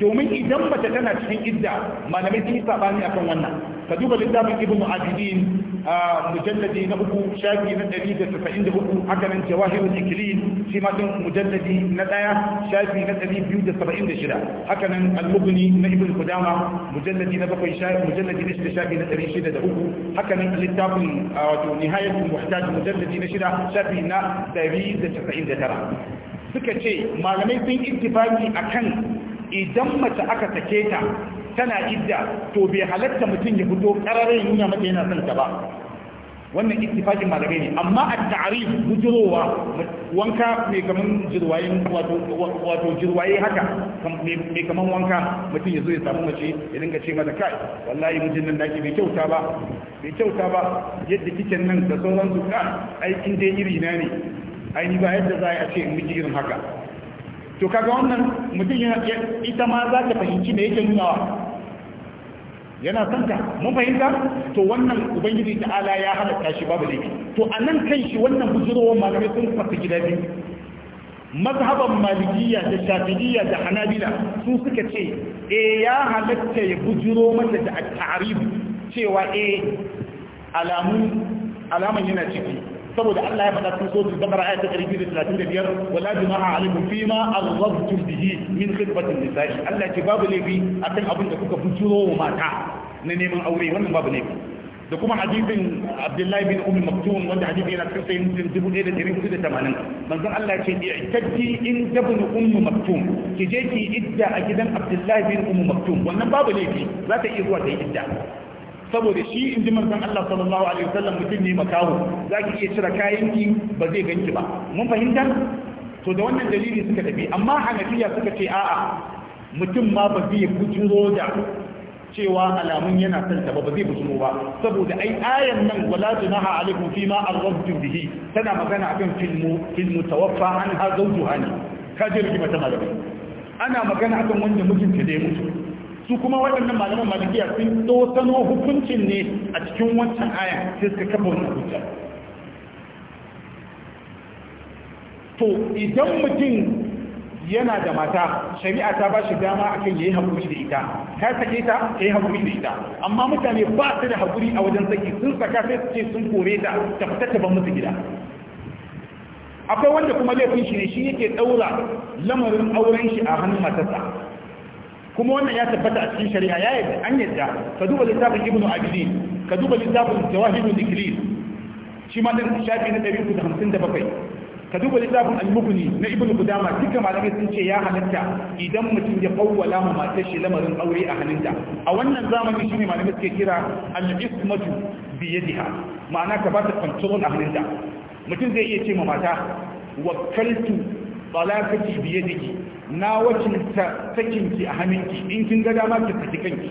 domin idan mace tana cikin idda malamai sun yi sabani akan wannan ka duba littafin ibn abidin a mujalladi na uku shafi na ɗari da saba'in da uku haka nan jawahirul ikilin shi ma mujalladi na ɗaya shafi na ɗari biyu da saba'in da shida haka nan na ibn kudama mujalladi na bakwai mujalladi na shida shafi na ɗari shida da uku haka nan littafin wato nihayatul muhtaj mujalladi na shida shafi na ɗari da saba'in da tara ce malamai sun ittifaki akan idan mace aka sake ta tana idda to bai halatta mutum ya fito ƙararren ya mata yana son ta ba wannan ittifaqin malamai ne amma at-ta'rif bujurowa wanka mai kaman jirwaye wato wato jirwaye haka mai kaman wanka mutum zo ya samu mace ya dinga ce mata kai wallahi mijin nan dake bai kyauta ba bai kyauta ba yadda kike nan da sauran su ka ai dai iri na ne ai ni ba yadda za a ce miji irin haka to kaga wannan mutum ita ma za ta fahimci da yake nunawa yana son ta mun fahimta to wannan ubangiji ta'ala ya halatta shi babu laifi to a nan kan shi wannan bujirowar malamai sun fasa gida biyu mazhaban malikiya da shafi'iyya da hanabila su suka ce e ya halatta ya bujiro mata da ta'arib cewa e alamun alaman yana ciki saboda Allah ya faɗa cikin suratul Baqara ayat 135 wala junaha alaikum ma aghdabtum bihi min khidmatin nisa'i Allah ce babu laifi akan abin da kuka wa mata na neman aure wannan babu laifi da kuma hadisin abdullahi bin umar maktum wanda hadisi yana cikin sayin mutum dubu ɗaya da ɗari hudu da tamanin manzon Allah ce taddi in dabin ummu maktum ki je ki idda a gidan abdullahi bin umar maktum wannan babu laifi za ta iya zuwa ta yi idda saboda shi in ji manzon Allah sallallahu alaihi wasallam mutum ne makaho ki iya cire kayan ki ba zai ganki ba mun fahimta to da wannan dalili suka tafi amma hanafiya suka ce a'a mutum ma ba zai bujiro da cewa alamun yana son ta ba zai bujiro ba saboda ai ayan nan wala tunaha alaikum fi ma arrabtum bihi tana magana akan filmu filmu tawaffa an ha zawjuha ne kaje rigima mata malamai ana magana akan wanda mutunta da ya mutu su kuma waɗannan malaman malikiya sun dosano hukuncin ne a cikin wancan aya sai suka kafa wani hujja to idan mutum yana da mata shari'a ta ba shi dama akan yayi hakuri da ita ta sake ta yayi hakuri da ita amma mutane ba su da hakuri a wajen saki sun saka sai su ce sun kore ta ta fita ta ban musu gida akwai wanda kuma laifin shi ne shi yake ɗaura lamarin auren shi a hannun matarsa kuma wannan ya tabbata a cikin shari'a ya yadda an yadda ka duba littafin ibnu abidin ka duba littafin jawahiru diklis shi ma din shafi na 357 ka duba littafin al mukni na ibnu qudama duka malamai sun ce ya halatta idan mutum ya kawwala ma matar shi lamarin aure a hannunta a wannan zamani shine malamai suke kira al-ismatu bi yadiha ma'ana ka ba ta control a hannunta mutum zai iya ce ma mata wakkaltu balakati biye diki na wakilta ki a hannunki in kin ga dama ki saki kanki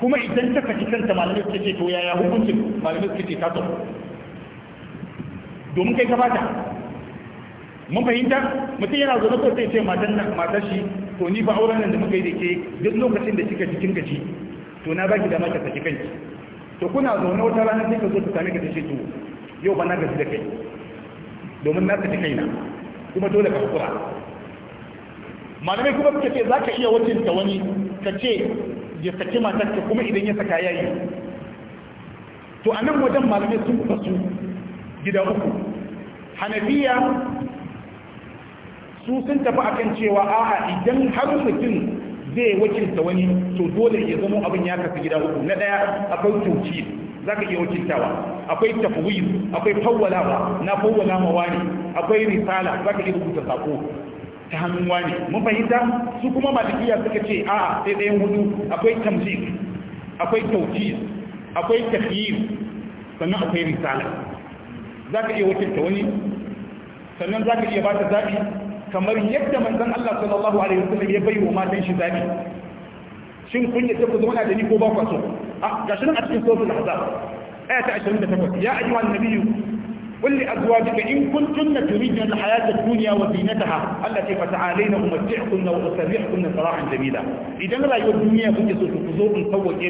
kuma idan ta saki kanta malamai suka ce to yaya hukuncin malamai suka ce ta to domin kai ka bata mun fahimta mutum yana zo na ko sai ce matan nan matar shi to ni ba auren nan da muka yi da ke duk lokacin da kika cikin gaji. to na baki dama ki saki kanki to kuna zo na wata rana sai ka zo ta sami ka ta ce to yau ba na gaji da kai domin na saki kaina kuma dole ka hakura malamai kuma suka ce za ka iya ta wani ka ce ya saki matarka kuma idan ya saka yayi to a nan wajen malamai sun su gida uku hanafiya su sun tafi a kan cewa a'a idan har mutum zai wakilta wani to dole ya zama abin ya kafi gida uku na daya akwai tauci Za ka iya wakiltawa akwai tafwid akwai fawwalawa na fawwala ma wani akwai risala Za ka iya rubuta sako ta hannun wani mun fahimta su kuma malikiya suka ce a sai ɗayan hudu akwai tamzik akwai taujiz akwai tafiyir sannan akwai risala Za ka iya wakilta wani sannan za ka iya ba ta zaɓi kamar yadda manzon Allah sallallahu alaihi wasallam ya bai wa matan shi zaɓi shin kun ta ku zauna da ni ko ba ku so Ah, gashin a cikin sosu lahaza ɗaya ta ashirin da takwas ya ajiwa na biyu kulli azuwa daga in kun tunna turiji na hayata duniya wa zinata ha Allah ce fata alai na umar ce kunna wa sarri a kunna idan rayuwar duniya kun ke so su zo in sauwaƙe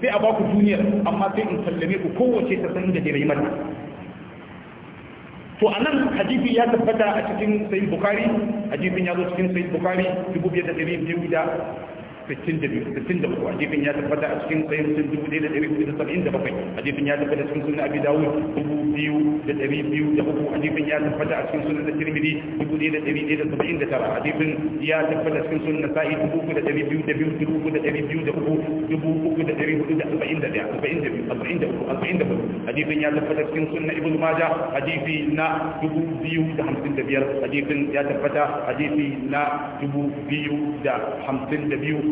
sai a baku duniyar amma sai in sallame ku kowace ta san inda ke rai mata to anan hadisi ya tabbata a cikin sayyid bukhari hadisin ya zo cikin sayyid bukhari da 63 hadisin ya tabbata a cikin sahih muslim 1477 hadisin ya tabbata cikin sunan abi dawud 2203 hadisin ya tabbata a cikin sunan tirmidhi 1179 hadisin ya tabbata cikin sunan nasa'i 3202 3241 hadisin ya tabbata cikin sunan ibnu majah hadisi na 2055 hadisin ya tabbata hadisi na 2052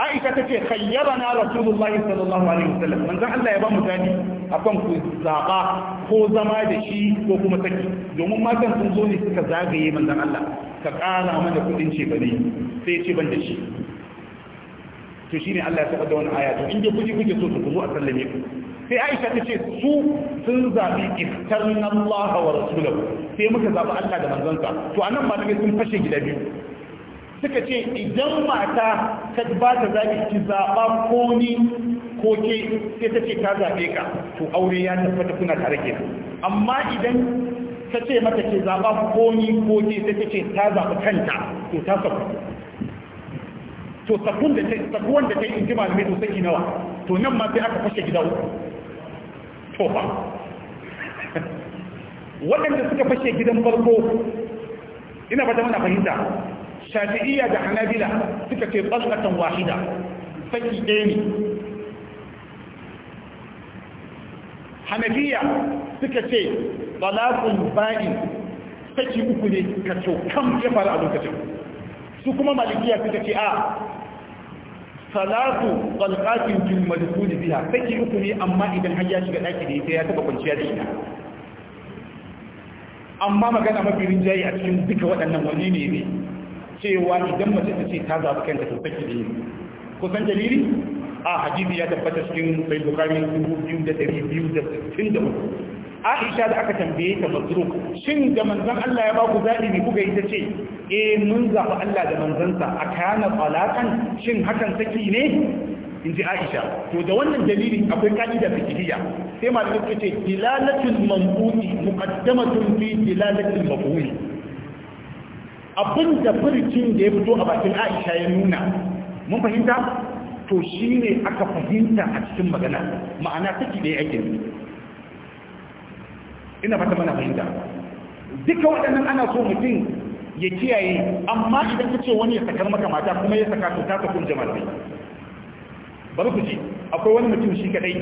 Aisha ta ce. Rasulullahi sallallahu alaihi wasallam manzo Allah ya ba mu a akan ku zaba ko zama da shi ko kuma saki domin matan sun zo ne suka zagaye manzo Allah ka kara mana kudin ce bane sai ce ban da shi to ne Allah ya saba da wani aya to in kuji kuke so ku zo a sallame ku sai aisha ta ce su sun zaɓi iftarin Allah wa rasulahu sai muka zaɓi Allah da manzansa to anan malamai sun fashe gida biyu suka ce idan mata ta ba ta zaɓi ki zaɓa ko ni ko ke sai ta ce ta zaɓe ka to aure ya tabbata kuna tare ke. amma idan ta ce mata ke zaɓa ko ni ko ke sai ta ce ta zaɓi kanta to ta saku to sakun da ta yi in ji malamai to saki nawa to nan ma sai aka fashe gida uku tofa waɗanda suka fashe gidan farko ina ba ta mana fahimta shafi'iyya da hanabila suka ce tsallatan wahida saki ɗaya ne hanabiya suka ce balakun ba'in saki uku ne ka cokan ya faru a lokacin su kuma malikiya suka ce a salatu qalqatin fil madkhul biha sai uku ne amma idan har ya shiga daki da ita ya taba kwanciya da ita amma magana mafi rinjaye a cikin duka waɗannan wani ne ne cewa idan mace ta ce ta zaɓi kanta ta take da yin kusan dalili a hadisi ya tabbata cikin bai bukari 2263 aisha da aka tambaye ta mazruk shin da manzon Allah ya ba ku zabi ne kuka yi ce eh mun zafa Allah da manzansa a kana talaqan shin hakan saki ne in ji aisha to da wannan dalilin akwai ka'ida fikiriya sai ma da ce dilalatul mambuti muqaddamatun fi dilalatil mafhumi abin da furcin da ya fito a bakin aisha ya nuna mun fahimta to shine aka fahimta a cikin magana ma'ana take da yake ina fata mana fahimta duka waɗannan ana so mutum ya kiyaye amma idan ka ce wani ya sakar maka mata kuma ya saka to ta kun jama'a bari ku ji akwai wani mutum shi kadai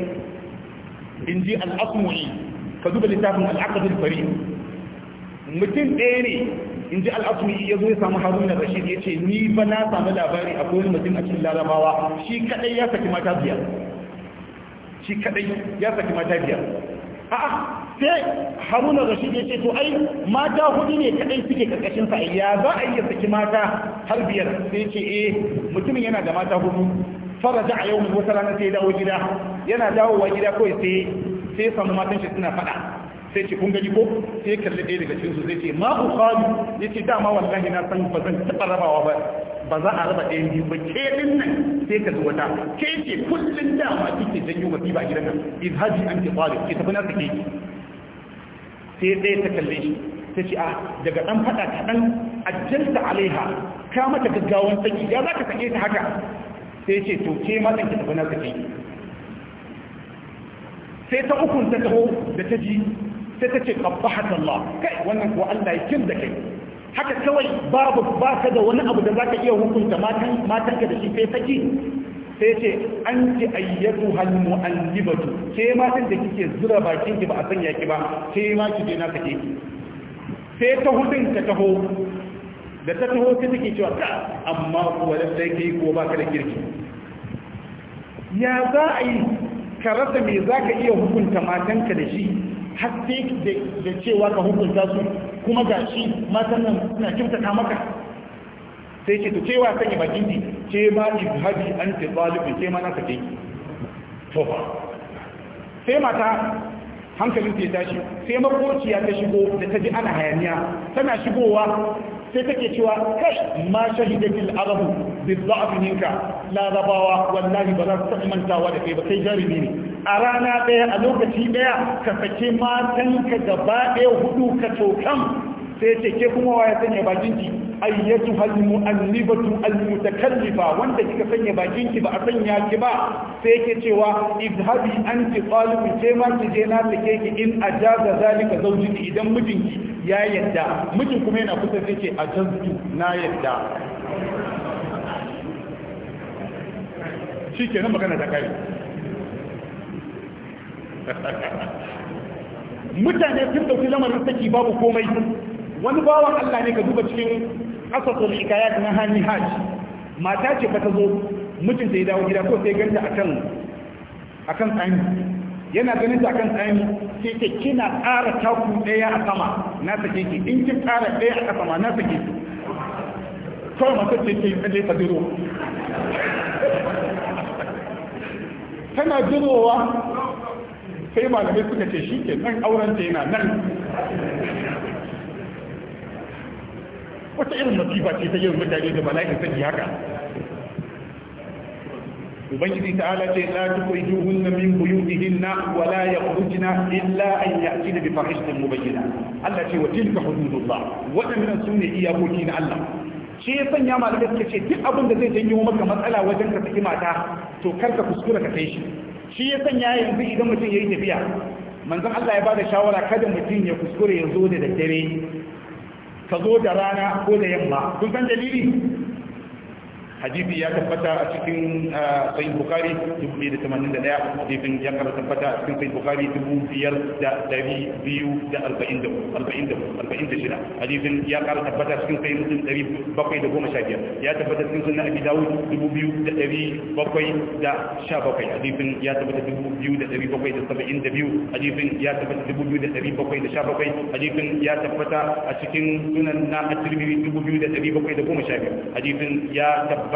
in ji al'asmuni ka duba littafin al'aqdul fari mutum ɗaya ne in ji al'asmuni ya zo ya samu haruna rashid ya ce ni ba na samu labari akwai wani mutum a cikin larabawa shi kadai ya saki mata biyar shi kadai ya saki mata biyar a'a sai haruna rashid ya ce to ai mata hudu ne kadai suke karkashin sa ya za a iya saki mata har biyar sai ce eh mutumin yana da mata hudu faraja a yau wata rana sai dawo gida yana dawowa gida kawai sai sai samu matan shi suna fada sai ce kun gani ko sai ya kalli ɗaya daga cikin su zai ce ma ku kwalu ya ce dama wallahi na san ba zan taɓa rabawa ba ba za a raba ɗaya biyu ba ke ɗin nan sai ka zuwa ta ke ce kullum dama kike janyo ba a gidan nan haji an ke kwalu ke tafi na suke sai ɗaya ta kalle shi ta ce a ah, daga ɗan faɗa ɗan ajjalta alaiha ka mata gaggawan saki ya za ka sake ta haka sai ce to ke ma ɗan ke tafi na suke sai ta ukun ta taho da ta ji sai ta ce qabbahaka Allah kai wannan ko Allah ya kin da kai haka kawai babu baka da wani abu da zaka iya hukunta matan matanka da shi sai saki sai ce an ji ayyatu hal mu'allibatu ke matan da kike zura bakin ki ba a sanya ki ba ke ma ki je na sake sai ta hudin ta taho da ta taho ta take cewa ka amma kuwa da sai kai ko baka da kirki ya za a yi ka rasa me za ka iya hukunta matanka da shi har da cewa ka hukunta su kuma ga shi matan nan suna kyautata maka sai ce to cewa kan yi bakin ki ce ma ibhabi an ta zalibin ce ma na sake ki to fa sai mata hankalin ta tashi sai makociya ta shigo da ta ji ana hayaniya tana shigowa sai take cewa kai ma shahidatil arabu bi dha'fi minka la rabawa wallahi ba za su taɓa mantawa da kai ba kai jarumi ne a rana ɗaya a lokaci ɗaya ka saki matanka gaba ɗaya hudu ka cokan sai ce ke kuma waya sanya bakinki ayyatu halmu annibatu almutakallifa wanda kika sanya bakinki ba a sanya ki ba sai ke cewa izhabi anti talibun sai ma ki je na take ki in ajaza zalika zawjiki idan mijinki ya yadda mijin kuma yana kusa sai ce ajazu na yadda shi nan magana da kai. mutane sun dauki lamarin saki babu komai wani bawan Allah ne ka duba cikin asasul hikayat na hani hajj mata ce ba ta zo ta ya dawo gida ko sai ganta akan akan tsani yana ganin ta akan tsani sai ta kina ƙara taku ɗaya a sama na sake ki in kin ƙara ɗaya a sama na sake ki kawai masu ce ke kaje ta duro tana durowa sai malamai suka ce shi ke nan auren ta yana nan wata irin masifa ce ta yin mutane da bala'in sani haka ubangiji ta'ala ce la tukhrijuhunna min buyutihinna wa la yakhrujna illa an ya'tina bi fahishatin mubayyina Allah ce wa tilka hududullah wadannan sune iyakoki na Allah shi ya sanya malamai suka ce duk abin da zai janyo maka matsala wajen ka saki mata to kar ka kuskura ka kai shi shi ya sanya ya yanzu idan mutum ya yi tafiya manzon Allah ya ba da shawara kada mutum ya kuskure ya zo da daddare ka zo da rana ko da yamma kun san dalili hadisi ya tabbata a cikin sahih bukhari 1081 hadisin ya tabbata a cikin sahih bukhari 5244 hadisin ya kara tabbata cikin sahih muslim 715 ya tabbata cikin sunan abi dawud 2717 hadisin ya tabbata 2772 hadisin ya tabbata 2717 hadisin ya tabbata a cikin sunan na at-tirmidhi hadisin ya tabbata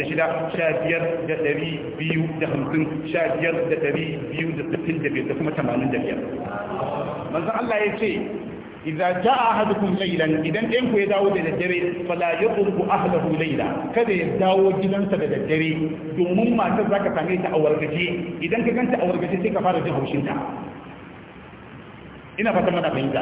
da shida sha biyar da biyu da hamsin sha biyar da biyu da sittin da biyar da kuma tamanin da biyar manzan Allah ya ce idza jaa ahadukum laylan idan ɗan ku ya dawo da daddare fala yaqrubu ahlahu layla kada ya dawo gidansa da daddare domin matar zaka same ta a wargaje idan ka ganta a wargaje sai ka fara jin haushin ta ina fatan mana fahimta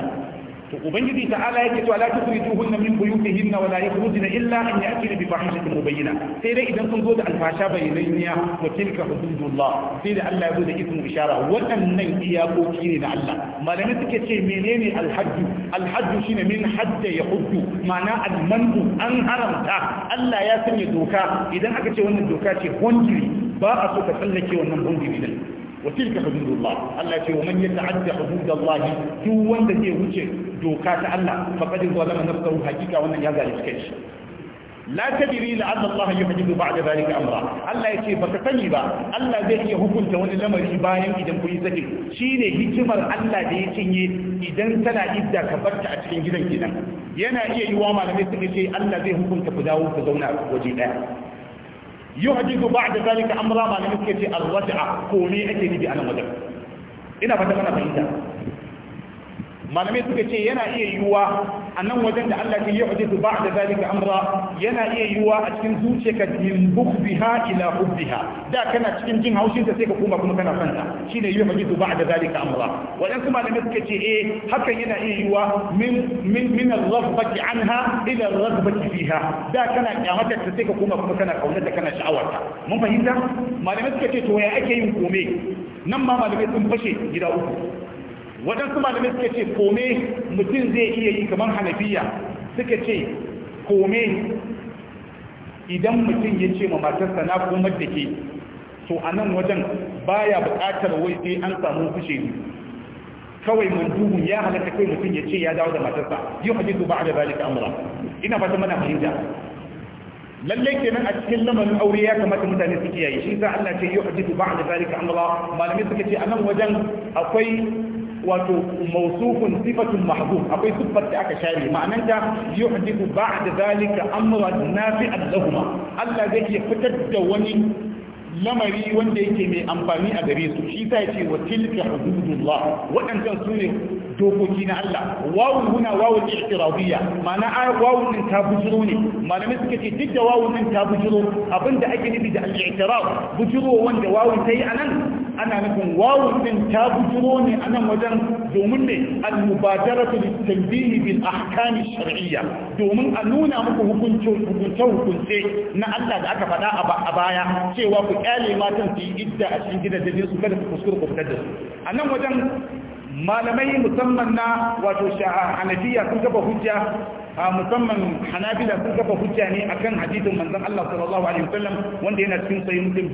to ubangiji ta'ala yake to la tukhrijuhunna min buyutihinna wa la yakhrujna illa an ya'tina bi fahishatin mubayyina sai dai idan sun zo da alfasha bayyaniya wa tilka hududullah sai da Allah ya zo da ismu ishara waɗannan iyakoki ne na Allah malamai suke ce menene alhajju alhajju shine min hajja ya hujju ma'ana almandu an haramta Allah ya sanya doka idan aka ce wannan doka ce hundiri ba a so ka tsallake wannan hundiri din wa tilka hududullah Allah duk wanda zai wuce doka ta Allah faqad hakika wannan ya zalunci kanshi la la anna Allah ba'da zalika amra Allah yace baka sani ba Allah zai iya hukunta wani lamari bayan idan kun yi sake shine hikimar Allah da ya cinye idan tana idda ka barta a cikin gidan kenan yana iya yiwa malamai suka ce Allah zai hukunta zauna waje daya يعجز بعد ذلك أمر ما لم يكن الوجع كوني أكيد بأنا مدر إنا فتمنى فإنسان malamai suka ce yana iya yiwuwa a nan wajen da Allah ke yi su ba da zalika amra yana iya yiwuwa a cikin zuciyarka min bukbiha ila hubbiha da kana cikin jin haushin ta sai ka koma kuma kana son shine yi hadisu ba da zalika amra wajen su malamai suka ce eh hakan yana iya yiwuwa min min min ar-raghbati anha ila ar-raghbati fiha da kana kyamata ta sai ka koma kuma kana da kana sha'awarta mun fahimta malamai suka ce to ya ake yin kome nan ma malamai sun fashe gida uku waɗansu malamai suka ce kome mutum zai iya yi kamar hanafiya suka ce kome idan mutum ya ce ma matarsa na komar da ke to a nan wajen baya buƙatar wai sai an samu kushe kawai mandubu ya halatta kai mutum ya ce ya dawo da matarsa yau hajji ba a da zalika amura ina fata mana fahimta lallai kenan a cikin lamarin aure ya kamata mutane su kiyaye shi za Allah ce yau hajji ba a da zalika amura malamai suka ce a nan wajen akwai wato mausufun sifatun mahzuf akwai siffar da aka share ma'anan ta yuhdithu ba'da zalika amran nafi'an lahum Allah zai iya fitar da wani lamari wanda yake mai amfani a gare su shi sai ce wa tilka hududullah waɗannan su ne dokoki na Allah wawun huna wawun ihtiradiyya ma'ana wawun din ta bujiro ne malamai suka ce duk da wawun din ta bujiro abinda ake nufi da al-i'tirad bujiro wanda wawun tayi anan ana nufin wawun din ta bujiro ne a nan wajen domin ne al-mubadaratu litanbihi bil ahkami shar'iyya domin a nuna muku hukunce hukunce hukunce na Allah da aka faɗa a baya cewa ku kyale matan su yi idda a cikin gidajen su kada ku kuskure ku fitar da su a nan wajen malamai musamman na wato sha'a hanafiya sun kafa hujja a musamman hanabila sun kafa hujja ne akan hadisin manzon Allah sallallahu alaihi wasallam wanda yana cikin sahih muslim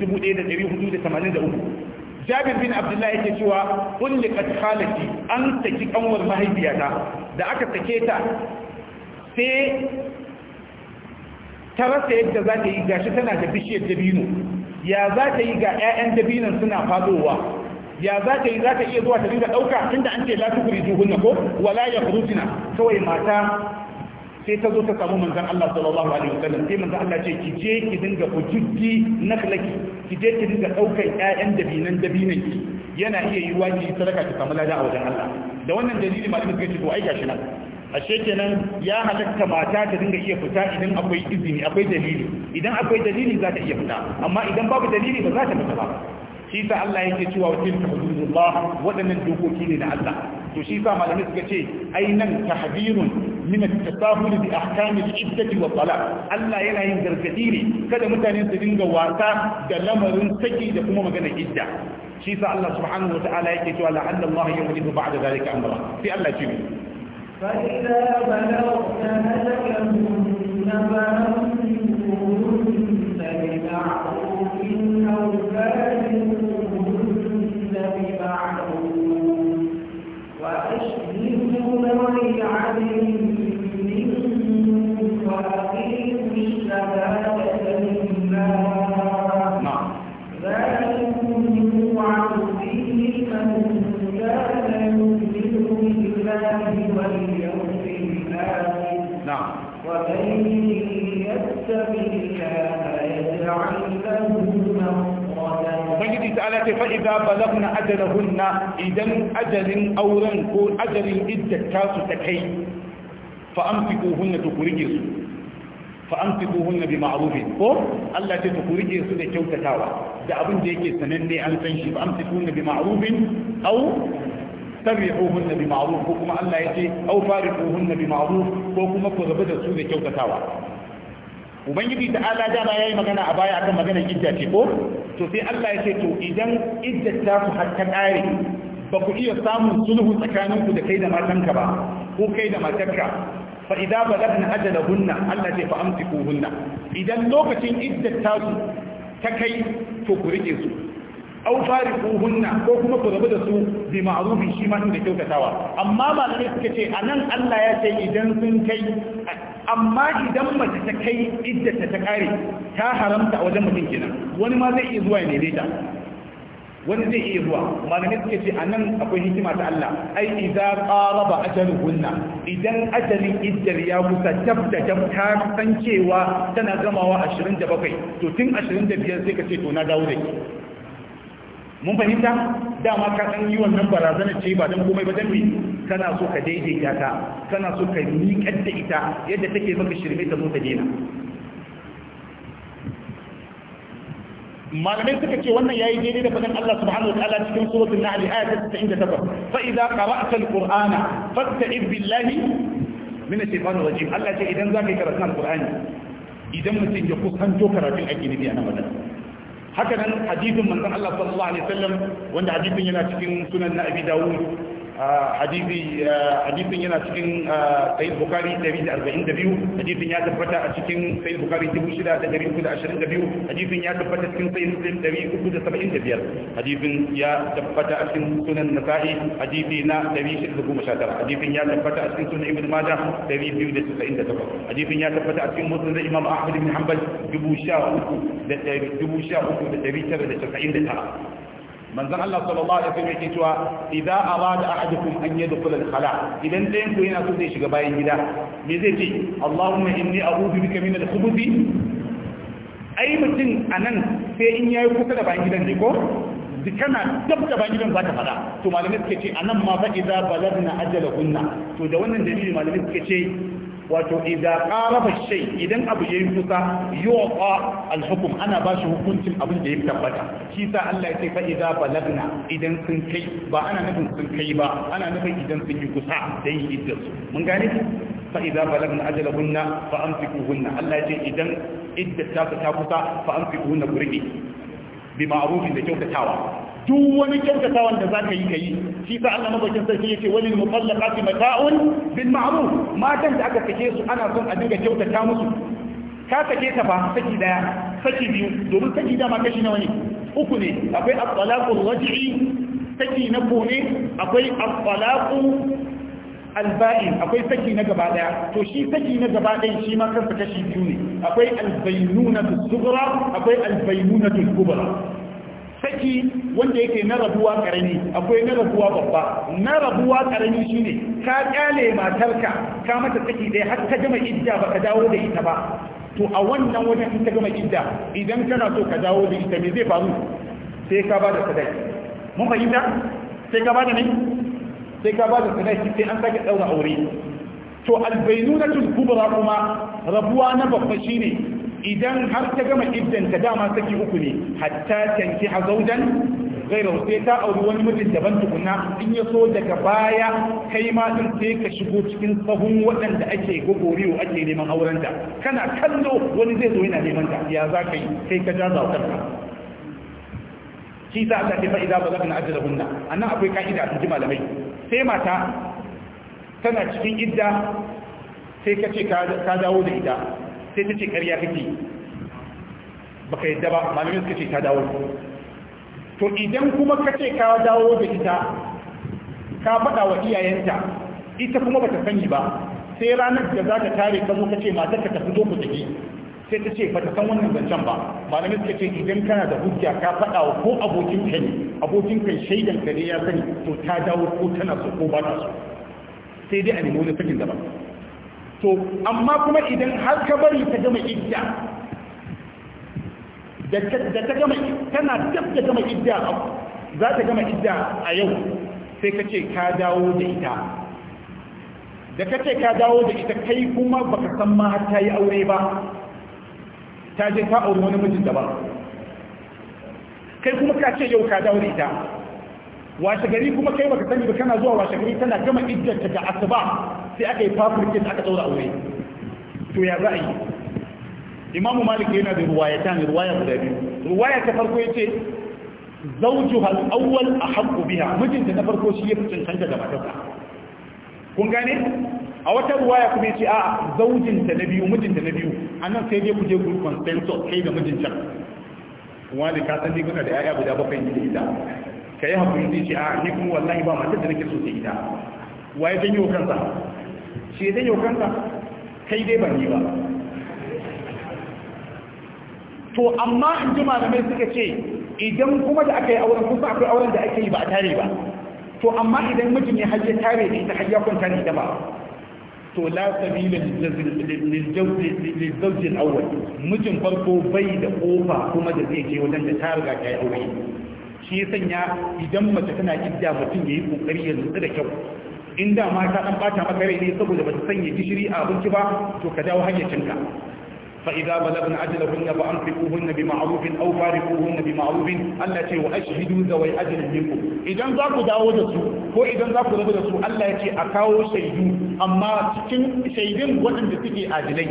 1483 jabir bin abdullahi yake cewa kulli qad khalati an saki kanwar mahaifiyata da aka sake ta sai ta rasa yadda za ta yi gashi tana da bishiyar dabino ya za ta yi ga 'ya'yan dabinon suna fadowa ya za ta yi za ta iya zuwa ta dinga ɗauka tunda an ce la tukuri juhunna ko wala ya furutuna kawai mata sai ta zo ta samu manzan Allah sallallahu alaihi sallam sai manzan Allah ce ki je ki dinga na naklaki ki je ki dinga daukar ƴaƴan dabinan dabinan ki yana iya yiwa ki sadaka ki samu lada a wajen Allah da wannan dalili malamin suka ce to ai gashi nan ashe kenan ya halatta mata ta dinga iya fita idan akwai izini akwai dalili idan akwai dalili za ta iya fita amma idan babu dalili ba za ta fita ba shi sa Allah yake cewa wa tilka hududullah waɗannan dokoki ne na Allah to shi sa malami suka ce ai nan tahdirun من التساهل بأحكام العدة والطلاق ألا ينعين ذر كثير كذا مثلا ينتجن جواركا دلمر سجد كما مجانا جدا شيسا الله سبحانه وتعالى يكتوى لعل الله يولده بعد ذلك أمرا في الله جميل فإذا بلغت هدك من نبا من hunna idan ajalin auren ko ajalin ta su ta kai fa amsiku hunna to kurige su fa amsiku hunna bi ma'ruf ko Allah ce ta kurige su da kyautatawa da abin da yake sananne an san shi fa amsiku hunna bi ma'ruf aw sarrihuhunna bi ma'ruf ko kuma Allah ya ce yace aw fariquhunna bi ma'ruf ko kuma ku rabu da su da kyautatawa ubangiji ta ala da ya yi magana a baya akan magana idda ce ko to sai allah ya ce to idan idda ta ku har ta ba ku iya samun sulhu tsakaninku da kai da matanka ba ko kai da matarka fa idan balagna ajalahunna allah ce fa amsikuhunna idan lokacin idda ta su ta kai to ku rike su au fariquhunna ko kuma ku rabu da su bi ma'rufi shi ma inda kyautatawa amma sai suka ce anan Allah ya ce idan sun kai amma idan mace ta kai iddata ta kare ta haramta a wajen mutum kenan wani ma zai iya zuwa ya nene ta wani zai iya zuwa malamai suke ce a nan akwai hikima ta Allah ai idza qaraba ajaluhunna idan ajalin iddar ya kusa tab da tab ta san cewa tana gamawa 27 to tun 25 sai ka ce to na dawo da ki mun fahimta dama ka san yi wannan barazana ce ba dan komai ba dan kana so ka daidaita ta kana so ka miƙar da ita yadda take maka shirme ta zo ta dena malamai suka ce wannan yayi daidai da fadan Allah subhanahu wa ta'ala cikin suratul nahl ayat 98 fa idza qara'ta al-qur'ana fasta'id billahi min ash-shaytanir rajim Allah ce idan zaka yi karatun al-qur'ani idan mutum ya kusanto karatun ake nabi ana wannan haka nan hadisin manzon Allah sallallahu alaihi wasallam wanda hadisin yana cikin sunan na Abi Dawud hadithin yana cikin sayyid bukari 142 hadithin ya tabbata a cikin sayyid bukari biyu hadithin ya tabbata cikin sayyid muslim 375 hadithin ya tabbata a cikin sunan nasa'i hadithi na 619 hadithin ya tabbata a cikin sunan ibn da 298 hadithin ya tabbata a cikin musnad imam ahmad bin hanbal 13399 manzon Allah sallallahu alaihi wasallam yake cewa idza arada ahadukum an yadkhul al-khala idan dayan ku yana so zai shiga bayan gida me zai ce Allahumma inni a'udhu bika min al-khubuth ai mutum anan sai in yayi kusa da bayan gidan ne ko kana dab da bayan gidan zaka fada to malamai suke ce anan ma fa idza balagna ajalahunna to da wannan dalili malamai suke ce wato idan qarafa shay idan abu ya yi kusa yuqa al-hukm ana ba shi hukuncin abin da ya tabbata shi sa Allah ya ce fa idza balagna idan sun kai ba ana nufin sun kai ba ana nufin idan sun yi kusa dai idan mun gane fa idza balagna ajalahunna fa amsikuhunna Allah ya ce idan idda ta ta kusa fa amsikuhunna kurigi bi ma'rufin da kyautatawa duk wani kyautata wanda za ka yi ka yi shi sa Allah mabakin sarki yake wani mutallaqati mata'un bil ma'ruf matan da aka sake su ana son a dinga kyautata musu ka sake ta fa saki daya saki biyu domin saki dama kashi nawa ne uku ne akwai at-talaqul waj'i saki na kone akwai at-talaqu alba'in akwai saki na gaba daya to shi saki na gaba daya shi ma kansa kashi biyu ne akwai albaynunatu sughra akwai albaynunatu kubra saki wanda yake na rabuwa karami akwai na rabuwa babba na rabuwa karami shine ka kyale matarka ka mata saki dai har ka gama idda baka dawo da ita ba to a wannan wajen in ta gama idda idan kana so ka dawo da ita me zai faru sai ka bada sadaki mun fahimta sai ka bada da ne sai ka bada sadaki sai an sake daura aure to albainuna tul kubra kuma rabuwa na babba shine idan har ta gama iddanta dama saki uku ne hatta tanki hazaujan gairo sai ta auri wani mutum daban tukuna in ya so daga baya kai ma din sai ka shigo cikin sahun waɗanda ake gogoriyo ake neman aurenta kana kallo wani zai zo yana neman ta ya za ka yi sai ka jaza zaukar ka shi za a tafi fa'ida ba za ka na ajiyar hunna nan akwai ka'ida a cikin malamai sai mata tana cikin idda sai ka ce ka dawo da ita sai ta ce ƙarya kake baka yadda ba malamin suka ce ta dawo to idan kuma ka ce ka dawo da ita ka faɗa wa iyayenta ita kuma ba ta sani ba sai ranar da za ka tare ka zo ka ce matar ka tafi zo ku tafi sai ta ce ba ta san wannan zancen ba malamin suka ce idan kana da hujja ka faɗa wa ko abokin ka ne abokin ka shaidan ka ne ya sani to ta dawo ko tana so ko ba ta so sai dai a nemi wani sakin daban to amma kuma idan har ka bari ta gama idda da ta gama tana dab da gama idda za ta gama idda a yau sai ka ce ka dawo da ita da ka ce ka dawo da ita kai kuma baka san ma har ta yi aure ba ta je ta auri wani mijin daban kai kuma ka ce yau ka dawo da ita washe gari kuma kai baka sani ba kana zuwa washe gari tana gama iddar ta da asuba sai aka yi da aka a aure to ya za a yi imamu malik yana da ruwaya ta ne ruwaya guda biyu ruwaya ta farko ya ce zauju hal'awwal a haƙo biya mijinta na farko shi ya fi cancanta da matasa kun gane a wata ruwaya kuma ya ce a zaujinta na biyu mijinta na biyu a nan sai dai ku je group consensus kai da mijinta wani kasan ne kuna da yaya guda bakwai ne da ita ka yi haƙuri zai ce a ni kuma wallahi ba matar da nake so ta ita waye janyo kansa shi zai yau kanka kai dai ba ni ba to amma in ji malamai suka ce idan kuma da aka yi auren kusa akwai auren da ake yi ba a tare ba to amma idan mijin ya hajji tare da ita hajji kwanta da ita ba to la sabila lizawji al mutum mijin farko bai da kofa kuma da zai je wajen da ta riga ta yi aure shi sanya idan mace tana idda mutum yayi kokari ya nutsu da kyau in da ta dan bata maka rai ne saboda ba ta sanya gishiri a abinci ba to ka dawo hayyacinka fa idza balagna ajalahunna fa anfiquhunna bi ma'ruf aw fariquhunna bi ma'ruf Allah ce wa ashhidu zawai ajal minkum idan za ku dawo da su ko idan za ku rabu da su Allah ya ce a kawo shaidu amma cikin shaidun waɗanda suke adilai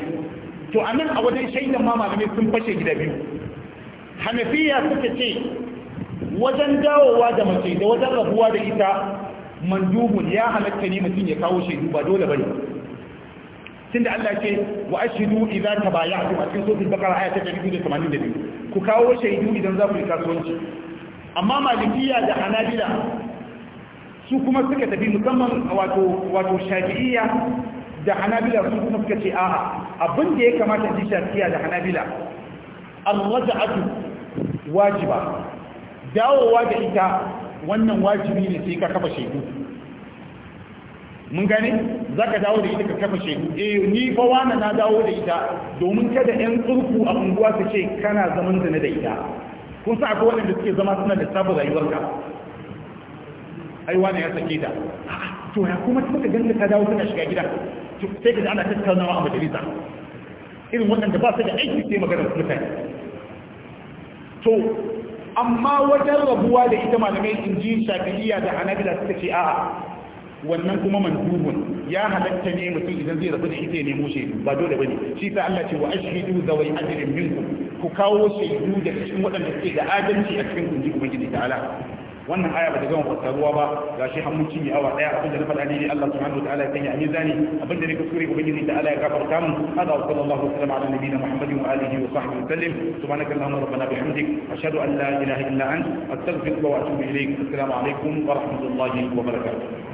to anan a wajen shaidan ma malamai sun fashe gida biyu hanafiya suka ce wajen dawowa da mace da wajen rabuwa da ita mandubun ya halatta ne mutum ya kawo shaidu ba dole bane tunda Allah ce wa ashhadu idza tabaya'tum a cikin suratul baqara aya ta 282 ku kawo shaidu idan za ku yi kasuwanci amma malikiya da hanabila su kuma suka tafi musamman wato wato shafi'iyya da hanabila su kuma suka ce a'a abin da ya kamata ji shafi'iyya da hanabila Allah ja'atu wajiba dawowa da ita wannan wajibi ne sai ka kafa shaidu mun gane za ka dawo da ita ka kafa shaidu eh ni fa wani na dawo da ita domin kada yan tsurku a unguwa su ce kana zaman zane da ita kun sa akwai da suke zama suna da sabu rayuwarka ai wani ya sake ta to ya kuma ta ka ganda ta dawo suna shiga gida sai ka ji ana tattaunawa a majalisa irin da ba su da aiki sai maganar mutane to amma wajen rabuwa da ita malamai in ji shafi'iyya da hanabila suka ce a'a wannan kuma mandubun ya halatta ne mutum idan zai rabu da ita ya nemo ba dole bane shi ta Allah ce wa ashhadu zawai ajrin minkum ku kawo shaidu da cikin waɗanda suke da adalci a cikin kunji ubangiji ta'ala wannan aya ba ta gama fasaruwa ba ga shi hannun cinye awa daya abin da na faɗa ne Allah subhanahu wa ta'ala ya sanya a mizani abin da ne ka sure ubangiji da Allah ya gafarta mu hada wa sallallahu alaihi wa sallam ala nabiyina muhammadin wa alihi wa sahbihi wa sallam subhanaka allahumma rabbana bihamdik ashhadu an la ilaha illa anta astaghfiruka wa atubu ilaik assalamu alaikum wa rahmatullahi wa barakatuh